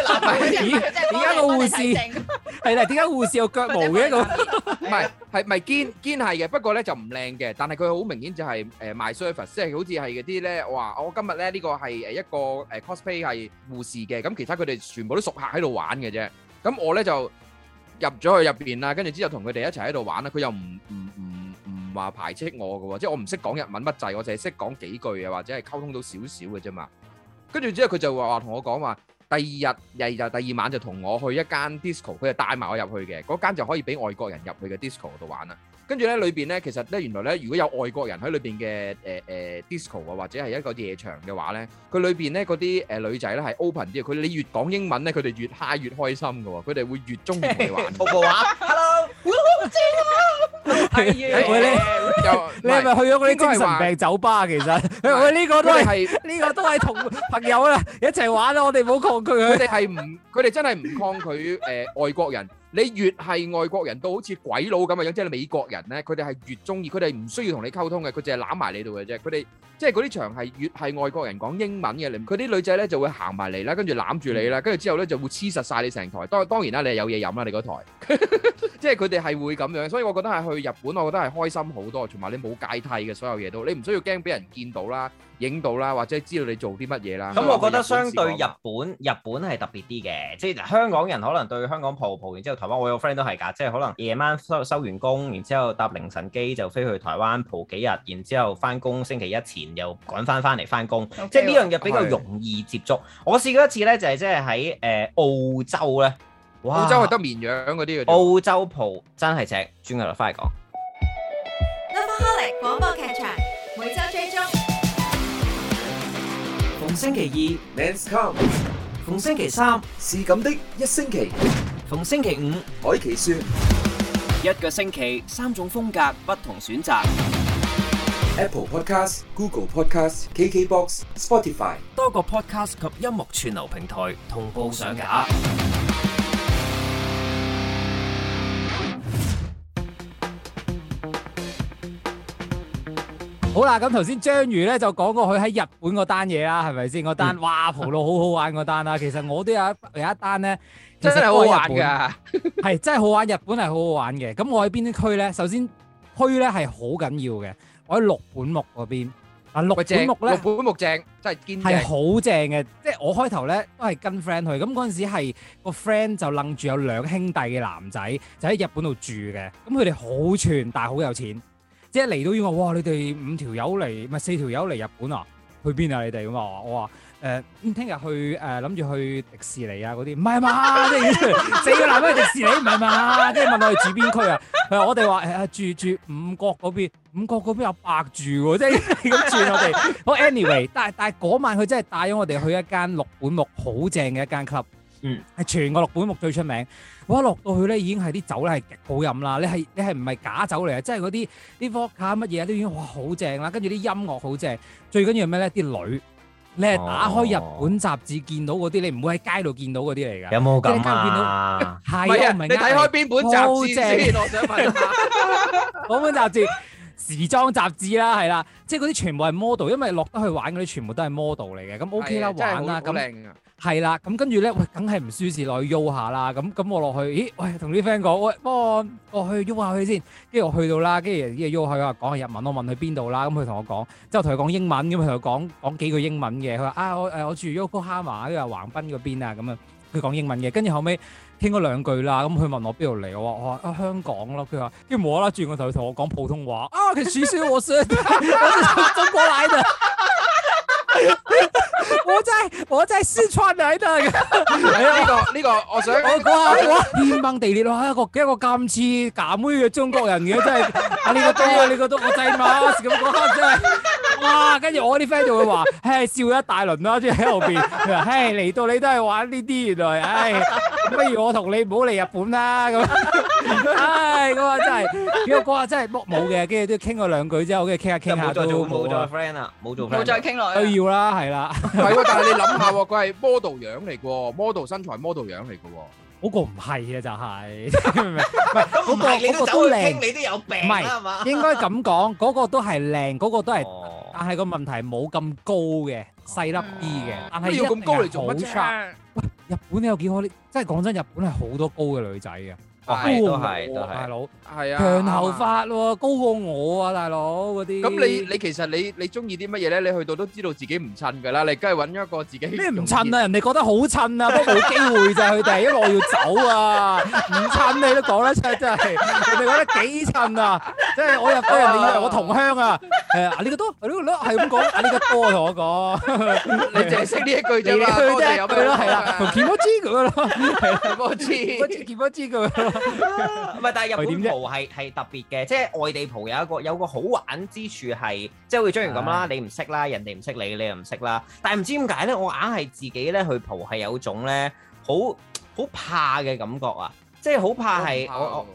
哎，男護士，點解個護士係咧，點解護士有腳毛嘅？唔係，係咪堅堅係嘅，不過咧就唔靚嘅。但係佢好明顯就係誒賣 service，即係好似係嗰啲咧話，我今日咧呢個係誒一個誒 cosplay 係護士嘅。咁其他佢哋全部都熟客喺度玩嘅啫。咁我咧就入咗去入邊啦，跟住之後同佢哋一齊喺度玩啦。佢又唔唔唔，話排斥我嘅，即係我唔識講日文乜滯，我淨係識講幾句啊，或者係溝通到少少嘅啫嘛。跟住之後佢就話同我講話，第二日又就第二晚就同我去一間 disco，佢就帶埋我入去嘅。嗰間就可以俾外國人入去嘅 disco 度玩啦。跟住咧裏邊咧，其實咧原來咧，如果有外國人喺裏邊嘅誒誒 disco 啊，呃呃、disco，或者係一個夜場嘅話咧，佢裏邊咧嗰啲誒女仔咧係 open 啲，佢你越講英文咧，佢哋越 high 越開心嘅喎，佢哋會越中意玩。普通話，Hello，我好 棒 你你你係咪去咗嗰啲精神病酒吧啊？其實，喂呢個都係呢個都係同朋友啦一齊玩啦，我哋唔好抗拒啊！佢哋係唔佢哋真係唔抗拒誒外國人，你越係外國人到好似鬼佬咁嘅樣，即係美國人咧，佢哋係越中意，佢哋唔需要同你溝通嘅，佢淨係攬埋你度嘅啫。佢哋即係嗰啲場係越係外國人講英文嘅，佢啲女仔咧就會行埋嚟啦，跟住攬住你啦，跟住之後咧就會黐實曬你成台。當當然啦，你係有嘢飲啦，你嗰台，即係佢哋係會咁樣，所以我覺得係去日本。本來我覺得係開心好多，同埋你冇階梯嘅所有嘢都，你唔需要驚俾人見到啦、影到啦，或者知道你做啲乜嘢啦。咁那麼 我覺得本相對日本，日本係特別啲嘅，即係香港人可能對香港蒲蒲，然後之後台灣我有 friend 都係㗎，即係可能夜晚收收完工，然之後搭凌晨機就飛去台灣蒲幾日，然之後翻工星期一前又趕翻翻嚟翻工，Okay 即係呢樣嘢比較容易接觸。的我試過一次呢，就係即係喺誒澳洲呢，哇澳洲係得綿羊嗰啲嘅，澳洲蒲真係正，轉頭翻嚟講。.廣播劇場每周追蹤，逢星期二 Men's Come，逢星期三是咁的，一星期，逢星期五海琪說，一個星期三種風格不同選擇，Apple Podcast、Google Podcast、KKBox、Spotify 多個 podcast 及音樂串流平台同步上架。好啦，咁頭先章魚咧就講過佢喺日本嗰單嘢啦，係咪先？嗰單哇蒲路好好玩嗰單啦，其實我都有有一單咧， 真係好好玩㗎，係真係好玩。日本係好好玩嘅。咁我喺邊啲區咧？首先區咧係好緊要嘅。我喺六本木嗰邊，啊六本木咧，六本木正真係堅係好正嘅。即係我開頭咧都係跟 friend 去，咁嗰陣時係個 friend 就愣住有兩兄弟嘅男仔，就喺日本度住嘅。咁佢哋好串，但係好有錢。即係嚟到要話，哇！你哋五條友嚟，唔係四條友嚟日本啊？去邊啊？你哋咁啊！我話誒，聽、呃、日去誒，諗、呃、住去迪士尼啊嗰啲，唔係嘛？即係四個男嘅，迪士尼，唔係嘛？即係問我哋住邊區啊？嗯、我哋話誒，住住，住五角嗰邊，五角嗰邊有白住喎，即係咁住我哋。 好，anyway，但係但係嗰晚佢真係帶咗我哋去一間六本木好正嘅一間 club。嗯，係全個六本木最出名。我一落到去咧已經係啲酒咧係極好飲啦，你係你係唔係假酒嚟啊？即係嗰啲啲 vodka 乜嘢都已經哇好正啦，跟住啲音樂好正，最緊要係咩咧？啲女，你係打開日本雜誌見到嗰啲，哦、你唔會喺街度見到嗰啲嚟㗎。有冇咁啊？係 啊，我你睇開邊本雜誌先，超棒 我想問。日本雜誌時裝雜誌啦，係啦，即係嗰啲全部係 model，因為落到去玩嗰啲全部都係 model 嚟嘅，咁 OK 啦，玩啦，咁。真那係啦，咁跟住咧，喂，梗係唔舒適落去喐下啦，咁、嗯、咁、嗯、我落去，咦，喂，同啲 friend 講，喂，幫我去喐下佢先，跟住我去到啦，跟住啲人喐佢啊，講下說說日文，我問佢邊度啦，咁佢同我講，之後同佢講英文，咁佢同佢講講幾句英文嘅，佢話啊，我誒我住 Yokohama，、ok、跟住話橫濱嗰邊樣、嗯、啊，咁啊，佢講英文嘅，跟住後尾傾咗兩句啦，咁佢問我邊度嚟，我話我話啊香港咯，佢話，我它跟住無啦啦轉個頭同我講普通話，啊佢鼠鼠，我先，我是中國來的。 我在我在四川嚟的、 哎呀，係啊呢個呢、這個，我想我我天崩地裂咯，一個一個咁似假妹嘅中國人嘅真係，啊呢、這個多啊你 個，個多，我制嘛咁講真係。 哇！跟住我啲 friend 就會話：嘿笑一大輪咯，即係喺後邊。佢話：嘿嚟到你都係玩呢啲，原來唉，不如我同你唔好嚟日本啦咁。唉，咁啊真係，嗰個真係冇嘅。跟住都傾咗兩句之後，我跟住傾下傾下都冇再 friend 啦，冇做 friend，冇再傾落去。都要啦，係啦。係喎，但係你諗下喎，佢係 model 樣嚟嘅，model 身材，model 樣嚟嘅。嗰個唔係嘅就係，唔係。咁唔係你走嚟傾，你都有病啦嘛？應該咁講，嗰個都係靚，嗰個都係。但係個問題冇咁高嘅，嗯、細粒啲嘅。但係要咁高嚟做乜啫？喂，日本你有幾可？你真係講真，日本係好多高嘅女仔嘅。係都係，大佬，係啊，長頭髮喎，高過我啊，大佬嗰啲。咁你你其實你你中意啲乜嘢咧？你去到都知道自己唔襯㗎啦，你梗係揾一個自己咩唔襯啊？人哋覺得好襯啊，不過冇機會咋佢哋，因為我要走啊。唔襯你都講啦，真係，你覺得幾襯啊？即係我入，即係你以為我同鄉啊？誒，你嘅多，你個撚係咁講，你嘅多同我講，你淨係識呢一句啫嘛？有咩咯？係啦，劍摩之咁樣咯，劍摩之，劍摩之咁樣。唔係， 但係日本蒲係係特別嘅，即係外地蒲有一個有個好玩之處係，即係會將完咁啦，的你唔識啦，人哋唔識你，你又唔識啦。但係唔知點解咧，我硬係自己咧去蒲係有種咧好好怕嘅感覺啊！即係好怕係我怕我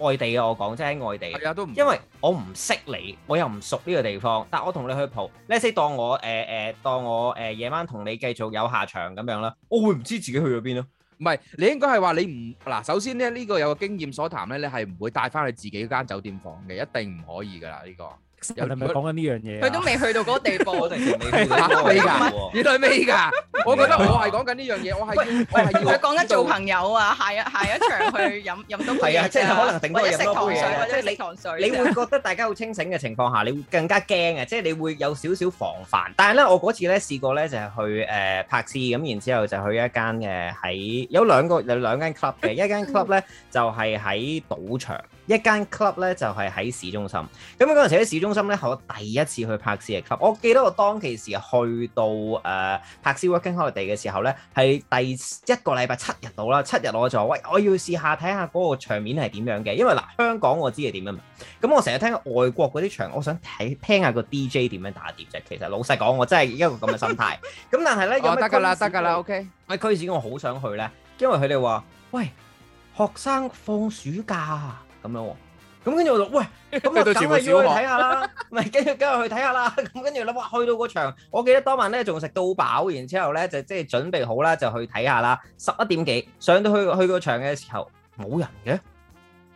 入外地啊。我講，即係喺外地，係啊都唔，因為我唔識你，我又唔熟呢個地方，但我同你去蒲，呢次當我誒誒、呃、當我誒、呃呃呃、夜晚同你繼續有下場咁樣啦，我會唔知自己去咗邊咯。唔係，你應該係話你唔嗱。首先咧呢個有個經驗所談咧，你係唔會帶返去自己嗰間酒店房嘅，一定唔可以噶啦呢個。你係咪講緊呢樣嘢？佢都未去到嗰個地步，你對尾㗎，你對尾㗎。我覺得我係講緊呢樣嘢，我係我係要佢講緊做朋友啊，下一下一場去飲飲到。係啊，即係可能頂多飲多杯糖水或者檸糖水。你會覺得大家好清醒嘅情況下，你會更加驚啊，即係你會有少少防範。但係咧，我嗰次咧試過咧就係去誒拍攝咁，然之後就去一間誒喺有兩個有兩間 club 嘅，一間 club 咧就係喺賭場。一間 club 咧就係、係、喺市中心，咁嗰陣時喺市中心咧，我第一次去拍攝嘅 club。我記得我當其時去到誒、呃、拍攝 working holiday 嘅時候咧，係第一個禮拜七日到啦，七日我就話：喂，我要試下睇下嗰個場面係點樣嘅。因為嗱，香港我知係點樣，咁我成日聽外國嗰啲場，我想睇聽下個 DJ 點樣打碟啫。其實老實講，我真係一個咁嘅心態。咁 但係咧，又得㗎啦，得㗎啦，OK。喺驅使，我好想去咧，因為佢哋話：喂，學生放暑假。咁樣喎，咁跟住我就，喂，咁啊咁啊要去睇下啦，咪跟住梗係去睇下啦，咁跟住諗，哇，去到嗰場，我記得當晚咧仲食到飽，然之後咧就即係準備好啦，就去睇下啦。十一點幾上到去去嗰場嘅時候，冇人嘅。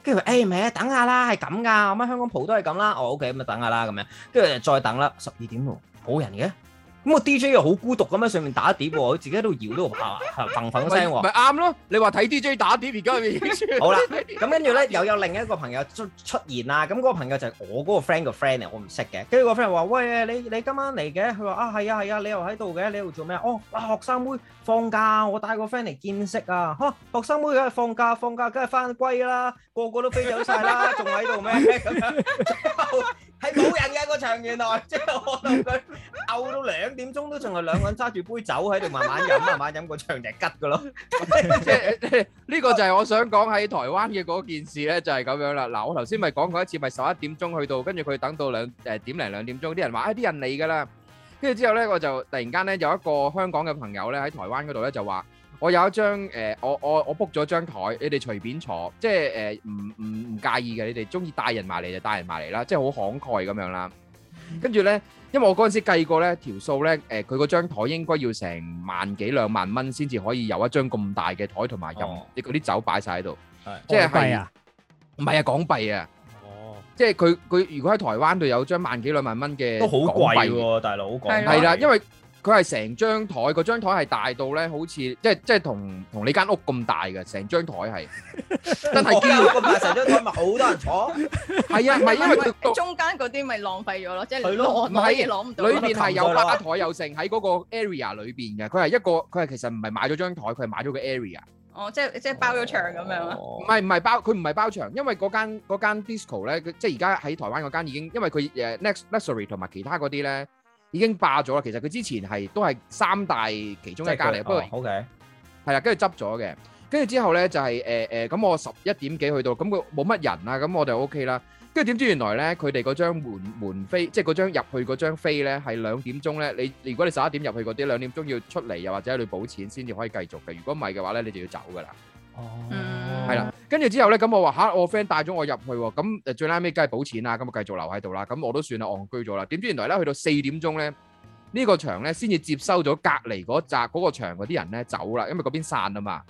跟住誒，唔係啊，等下啦，係咁噶，我喺香港蒲都係咁啦，我 OK，咁啊等下啦，咁樣跟住再等啦，十二點喎，冇人嘅。咁個 DJ 又好孤獨咁樣上面打碟，佢自己喺度搖到喺度嘭嘭聲喎，咪啱咯！你話睇 DJ 打碟而家係咪？ 好啦，咁跟住咧又有另一個朋友出出現啦，咁、那、嗰個朋友就係我嗰個 friend 個 friend 嚟，我唔識嘅。跟住個 friend 話：喂，你你今晚嚟嘅？佢話啊，係啊係啊，啊，你又喺度嘅，你又做咩？哦，哇、啊，學生妹放假，我帶個 friend 嚟見識啊！嚇、啊，學生妹梗係放假，放假梗係翻歸啦，個個都飛走晒啦，仲喺度咩？係冇人嘅個場原來，即係我同佢熬到兩點鐘都仲係兩個人揸住杯酒喺度慢慢飲啊嘛，飲個場就吉嘅咯。即係呢個就係我想講喺台灣嘅嗰件事咧，就係咁樣啦。嗱，我頭先咪講過一次，咪十一點鐘去到，跟住佢等到兩誒點零兩點鐘，啲人話：哎，啲人嚟㗎啦。跟住之後咧，我就突然間咧有一個香港嘅朋友咧喺台灣嗰度咧就話。我有一張誒、呃，我我我 book 咗張台，你哋隨便坐，即係誒唔唔唔介意嘅，你哋中意帶人埋嚟就帶人埋嚟啦，即係好慷慨咁樣啦。跟住咧，因為我嗰陣時計過咧條數咧，誒佢嗰張台應該要成萬幾兩萬蚊先至可以有一張咁大嘅台同埋飲，任哦、即係嗰啲酒擺晒喺度，即係係唔係啊港幣啊，港幣啊哦，即係佢佢如果喺台灣度有張萬幾兩萬蚊嘅都好貴喎，大佬係啦，因為。佢係成張台，嗰張台係大到咧，好似即係即係同同你間屋咁大嘅，成張台係真係堅。咁大成張台咪好多人坐？係啊，唔係因為中間嗰啲咪浪費咗咯，即係你攞唔到。裏邊係有八張台有剩喺嗰個 area 裏邊嘅，佢係一個，佢係其實唔係買咗張台，佢係買咗個 area。哦，即係即係包咗場咁樣。唔係唔係包，佢唔係包場，因為嗰間嗰間 disco 咧，即係而家喺台灣嗰間已經，因為佢誒 next luxury 同埋其他嗰啲咧。已經霸咗啦，其實佢之前係都係三大其中一間嚟，不過 OK，係啦，跟住執咗嘅，跟住之後咧就係誒誒，咁、呃呃、我十一點幾去到，咁佢冇乜人啊，咁我就 OK 啦。跟住點知原來咧佢哋嗰張門門飛，即係嗰張入去嗰張飛咧，係兩點鐘咧。你如果你十一點入去嗰啲，兩點鐘要出嚟，又或者你補錢先至可以繼續嘅。如果唔係嘅話咧，你就要走噶啦。哦。係啦，跟住之後咧，咁我話嚇，我 friend、啊、帶咗我入去喎，咁誒最撚尾梗係補錢啦，咁啊繼續留喺度啦，咁我都算啦，戇居咗啦。點知原來咧去到四點鐘咧，呢、呢個場咧先至接收咗隔離嗰扎嗰個場嗰啲人咧走啦，因為嗰邊散啦嘛。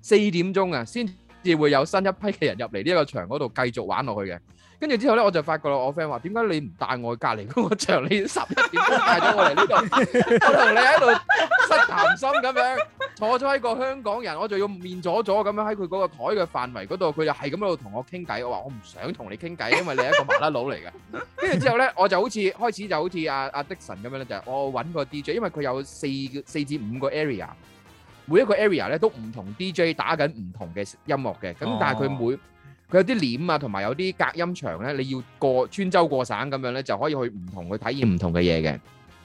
四點鐘啊，先至會有新一批嘅人入嚟呢一個場嗰度繼續玩落去嘅。跟住之後咧，我就發覺啦，我 friend 話點解你唔帶我去隔離嗰個場？你十 一點鐘帶咗我嚟呢度，我同你喺度失談心咁樣，坐咗喺個香港人，我就要面阻阻咁樣喺佢嗰個台嘅範圍嗰度，佢就係咁喺度同我傾偈。我話我唔想同你傾偈，因為你係一個麻甩佬嚟嘅。跟住之後咧，我就好似開始就好似阿阿 Dixon 咁樣咧，就係我揾個 DJ，因為佢有四四至五個 area，每一個 area 咧都唔同 DJ 打緊唔同嘅音樂嘅。咁但係佢每、哦佢有啲簾啊，同埋有啲隔音牆咧，你要過川州過省咁樣咧，就可以去唔同去體驗唔同嘅嘢嘅。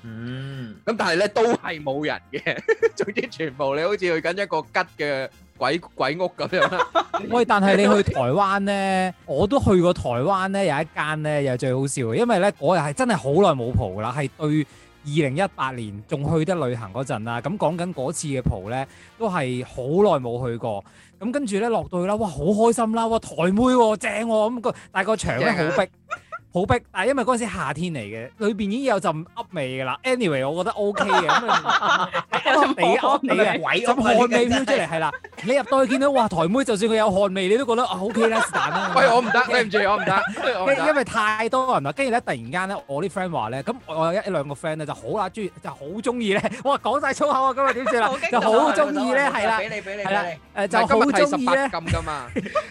嗯，咁但係咧都係冇人嘅，總之全部你好似去緊一個吉嘅鬼鬼屋咁樣啦。喂，但係你去台灣咧， 我都去過台灣咧，有一間咧又係最好笑嘅，因為咧我又係真係好耐冇蒲啦，係對。二零一八年仲去得旅行嗰陣啦，咁講緊嗰次嘅蒲呢，都係好耐冇去過。咁跟住呢，落到去啦，哇好開心啦，台妹喎、啊、正喎、啊，咁個但個場咧好正、啊、逼。 好逼，但係因為嗰陣時夏天嚟嘅，裏邊已經有陣噏味㗎啦。Anyway，我覺得 OK 嘅，咁啊你噏你啊，咁汗味飄出嚟係啦。你入到去見到哇台妹，就算佢有汗味，你都覺得啊 OK 啦，是但啦。喂我唔得，對唔住我唔得，因為太多人啦。跟住咧突然間咧，我啲 friend 話咧，咁我有一一兩個 friend 咧就好啦，中就好中意咧。哇講晒粗口啊，咁啊點算啦？就好中意咧，係啦，俾你俾你，係啦，誒就好中意咧。今日提十八禁噶嘛，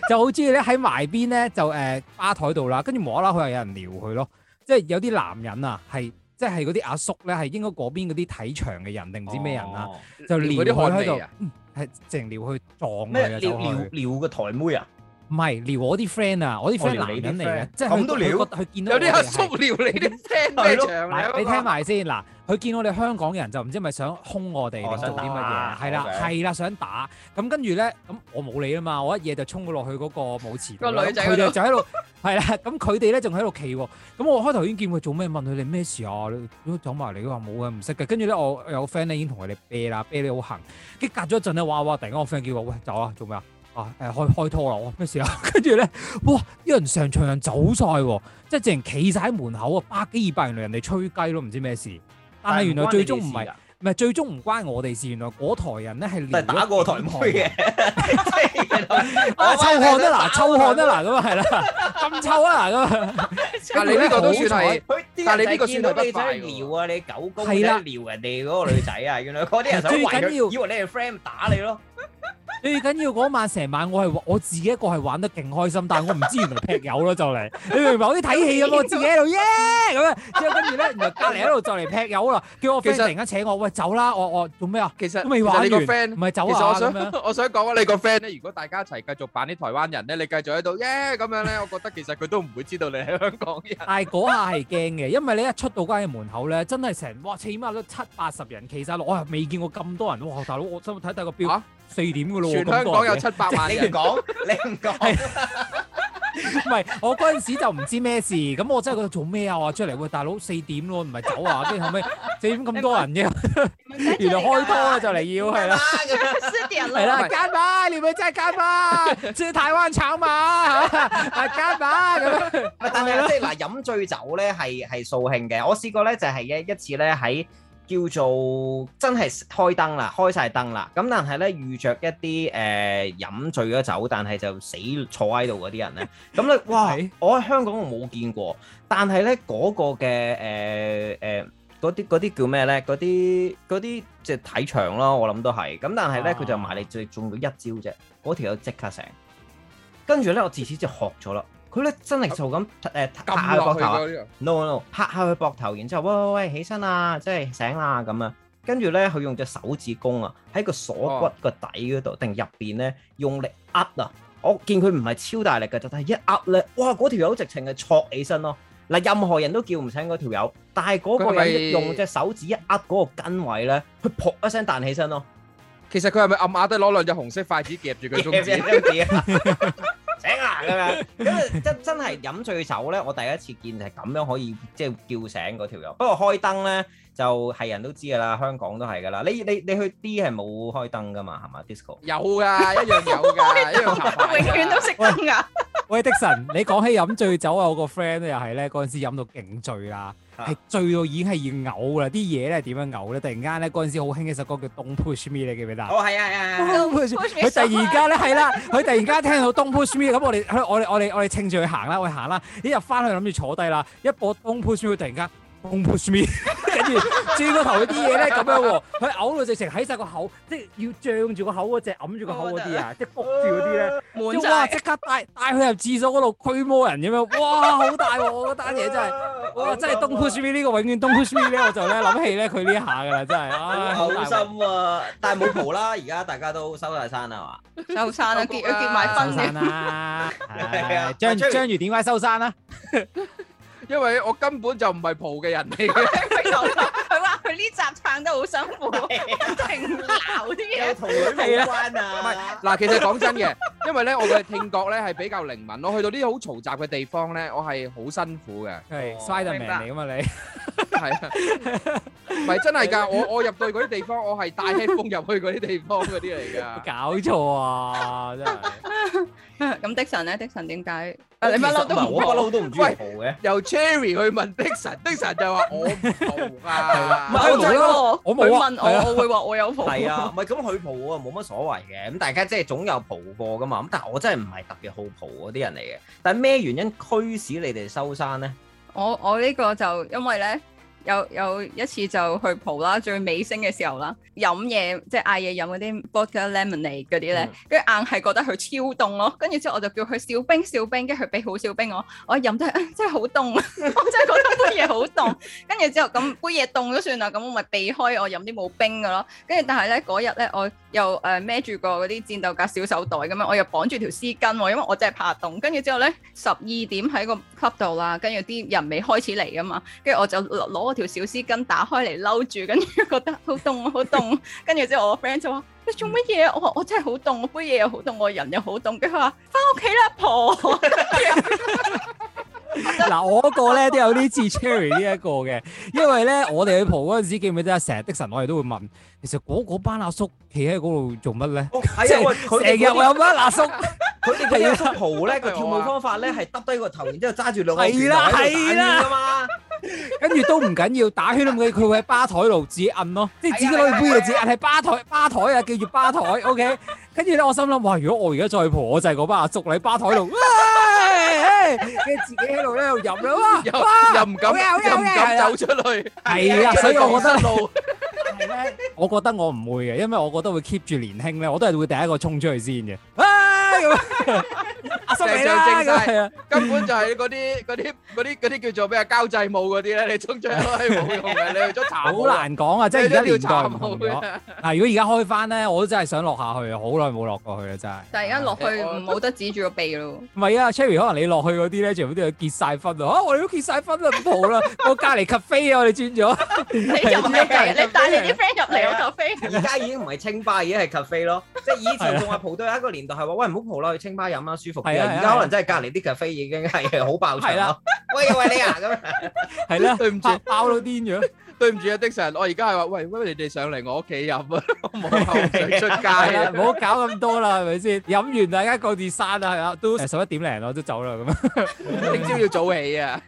就好中意咧喺埋邊咧就誒吧台度啦，跟住無啦啦佢又有。撩佢咯，即係有啲男人啊，係即係嗰啲阿叔咧，係應該嗰邊嗰啲睇場嘅人定唔知咩人啊，哦、就連海喺度，係淨撩佢撞咩撩撩撩嘅台妹啊！唔係撩我啲 friend 啊，我啲 friend 男人嚟嘅，即係佢見到有啲阿叔撩你啲 friend 嘅，你聽埋先嗱。佢見到我哋香港人就唔知係咪想兇我哋，做啲乜嘢？係啦，係啦，想打。咁跟住咧，咁我冇理啊嘛，我一嘢就衝咗落去嗰個舞池。個女仔佢就喺度，係啦。咁佢哋咧仲喺度企喎。咁我開頭已經見佢做咩，問佢哋咩事啊？都走埋嚟，佢話冇嘅，唔識嘅。跟住咧，我有 friend 咧已經同佢哋啤啦，啤得好行。跟住隔咗一陣咧，哇哇！突然間我 friend 叫我喂走啊，做咩啊？啊！誒開開拖樓啊咩事啊？跟住咧，哇！有人成場人走晒喎，即係直情企晒喺門口啊！百幾二百人嚟人哋吹雞咯，唔知咩事。但係原來最終唔係唔係最終唔關我哋事，原來嗰台人咧係連打過台唔開嘅。我抽汗得嗱，抽汗得嗱咁啊，係啦，咁抽啊嗱咁啊。但你呢個都算係，但你呢個算係你睇撩啊！你狗公係對啦，撩人哋嗰個女仔啊，原來嗰啲人想圍佢， 最緊要以為你係 friend 打你咯。最、欸、緊要嗰、那個、晚成晚我，我係我自己一個係玩得勁開心，但係我唔知原來劈友咯就嚟，你明唔明我啲睇戲咁， 我自己喺度耶咁樣，之後跟住咧，原來隔離喺度就嚟劈友啦，叫我 friend 突然間請我，喂走啦，我我做咩啊？其實都未話呢個 friend 唔係走啊，其實我想樣我想講啊，你個 friend 咧，如果大家一齊繼續扮啲台灣人咧，你繼續喺度耶咁樣咧，我覺得其實佢都唔會知道你係香港人。 但係嗰下係驚嘅，因為你一出到關嘅門口咧，真係成哇，起碼都七八十人企曬落，我未見過咁多人哇！大佬，我想睇睇個表。啊四點㗎咯，全香港有七百萬，你唔講你唔講？唔係，我嗰陣時就唔知咩事，咁我真係覺得做咩啊？話出嚟喂，大佬四點喎，唔係走啊！即係後尾四點咁多人啫。原來開拖就嚟要係啦，係啦，加班你咪真係加班，住台灣炒麥嚇，係加班咁。唔係，但係即係嗱，飲醉酒咧係係掃興嘅。我試過咧就係一一次咧喺。叫做真係開燈啦，開晒燈啦。咁但係咧遇着一啲誒、呃、飲醉咗酒，但係就死坐喺度嗰啲人咧。咁你、 嗯、哇，我喺香港我冇見過。但係咧嗰個嘅誒誒嗰啲嗰啲叫咩咧？嗰啲嗰啲即係睇場咯，我諗都係。咁但係咧佢就埋你最中咗一招啫，嗰條友即刻醒。跟住咧我自此就學咗啦。佢咧真力就咁誒拍下佢膊頭，no no，拍下佢膊頭，然之後喂喂喂，起身啊，即係醒啦咁啊！跟住咧，佢用隻手指弓啊，喺個鎖骨個底嗰度定入邊咧用力壓啊！我見佢唔係超大力嘅，就係一壓咧，哇！嗰條友直情係坐起身咯。嗱，任何人都叫唔醒嗰條友，但係嗰個人用隻手指一壓嗰個筋位咧，佢噗一聲彈起身咯。其實佢係咪暗阿得攞兩隻紅色筷子夾住佢中指？醒啊咁樣，咁真真係飲醉酒咧！我第一次見就係咁樣可以即係叫醒嗰條友。不過開燈咧，就係人都知噶啦，香港都係噶啦。你你你去 D 係冇開燈噶嘛？係嘛？Disco 有噶，一樣有噶， 燈我永遠都熄燈噶。喂，Tiksan ，Tiksan，你講起飲醉酒啊，我個 friend 咧又係咧嗰陣時飲到勁醉啦。係醉到已經係要嘔啦！啲嘢咧點樣嘔咧？突然間咧，嗰陣時好興一首歌叫《Don't Push Me》，你記唔記得？哦，係啊係啊係啊！佢第二家咧係啦，佢突然間聽到《Don't Push Me》，咁我哋， 我我我哋我哋稱住去行啦，我哋行啦，一入翻去諗住坐低啦，一播《Don't Push Me》，突然間《Don't Push Me》。 轉個頭嗰啲嘢咧咁樣喎，佢嘔到直情喺晒個口，即係要脹住個口嗰隻，揞住個口嗰啲啊，即係焗住嗰啲咧，哇！即刻帶帶佢入廁所嗰度驅魔人咁樣，哇！好大喎，嗰單嘢真係，哇！真係東坡雪呢個永遠東坡雪咧，我就咧諗起咧佢呢一下噶啦，真係。好心啊，但係冇蒲啦，而家大家都收晒山啦嘛，收山啦，結結埋婚先啦，係啊，章章魚點解收山啦？因為我根本就唔係蒲嘅人嚟嘅，佢話佢呢集聽得好辛苦，聽鬧啲嘢同佢冇關啊。唔係，嗱，其實講真嘅， 因為咧我嘅聽覺咧係比較靈敏，我去到呢啲好嘈雜嘅地方咧，我係好辛苦嘅。係是，嘥得命嚟啊嘛你。 係啊，唔係真係噶，我我入到嗰啲地方，我係帶 heat 風入去嗰啲地方嗰啲嚟噶。搞錯啊，真係。咁 Dixon 咧，Dixon 點解？啊，你不嬲都唔，我不嬲都唔中意蒲嘅。由 Cherry 去問 Dixon，Dixon 就話我唔蒲啊。唔係我，我冇啊。佢問我，我會話我有蒲。係啊，唔係咁佢蒲啊，冇乜所謂嘅。咁大家即係總有蒲過噶嘛。咁但係我真係唔係特別好蒲嗰啲人嚟嘅。但係咩原因驅使你哋收山咧？我我呢個就因為咧。有有一次就去蒲啦，最尾聲嘅時候啦，飲嘢即係嗌嘢飲嗰啲 Vodka Lemonade 嗰啲咧，跟住、嗯、硬係覺得佢超凍咯。跟住之後我就叫佢小冰小冰，跟住佢俾好小冰我，我飲得真係好凍， 我真係覺得杯嘢好凍。跟住之後咁杯嘢凍都算啦，咁我咪避開我飲啲冇冰嘅咯。跟住但係咧，嗰日咧，我又誒孭住個嗰啲戰鬥格小手袋咁樣，我又綁住條絲巾喎，因為我真係怕凍。跟住之後咧，十二點喺個 club 度啦，跟住啲人未開始嚟啊嘛，跟住我就攞，條小絲巾打開嚟，摟住，跟住覺得好凍啊，好凍！跟住之後我個 friend 就話：你做乜嘢？我我真係好凍，杯嘢又好凍，我人又好凍。跟住佢話：翻屋企啦，阿婆！嗱，我嗰個咧都有啲似 Cherry 呢一個嘅，因為咧我哋去蒲嗰陣時記唔記得？成日的神我哋都會問：其實嗰嗰班阿叔企喺嗰度做乜咧？即係成日有班阿叔，佢哋佢要蒲咧個跳舞方法咧係耷低個頭，然之後揸住兩個辮嚟打腰噶嘛。跟住都唔緊要，打圈都唔緊要，佢會喺吧台度自己撳咯，即係自己攞住杯嘢自己撳，係吧台吧台啊，記住吧台，OK。跟住咧，我心諗哇，如果我而家再蒲，我就係嗰班阿叔喺吧台度，唉，你自己喺度一路飲啦，哇，又唔敢，又唔敢走出嚟，係啊，所以我覺得老。我覺得我唔會嘅，因為我覺得會 keep 住年輕咧，我都係會第一個衝出去先嘅。正根本就係嗰啲啲啲啲叫做咩交際舞嗰啲咧，你沖出去都冇用嘅。你去沖茶好難講啊，即係而家年代唔同咗。嗱，如果而家開翻咧，我都真係想落下去啊！好耐冇落過去啊，真係。但係而家落去冇得指住個鼻咯。唔係啊，Cherry，可能你落去嗰啲咧，全部都要結晒婚啊！我哋都結晒婚啊，唔好啦，我隔離 cafe 啊，我哋轉咗。你入嚟，你帶你啲 friend 入嚟我 cafe。而家已經唔係清吧，而係 cafe 咯。即係以前仲話蒲都有一個年代係話喂，唔好。好啦，去清吧飲啦，舒服啲。而家可能真係隔離啲咖啡已經係好爆場咯。喂喂，你啊咁，係啦，對唔住，爆到癲咗，對唔住啊，的士，我而家係話，喂，唔該，你哋上嚟我屋企飲啊，唔好再出街，唔好搞咁多啦，係咪先？飲完大家各自散啊，係啊，都十一點零咯，都走啦咁啊，聽朝要早起啊。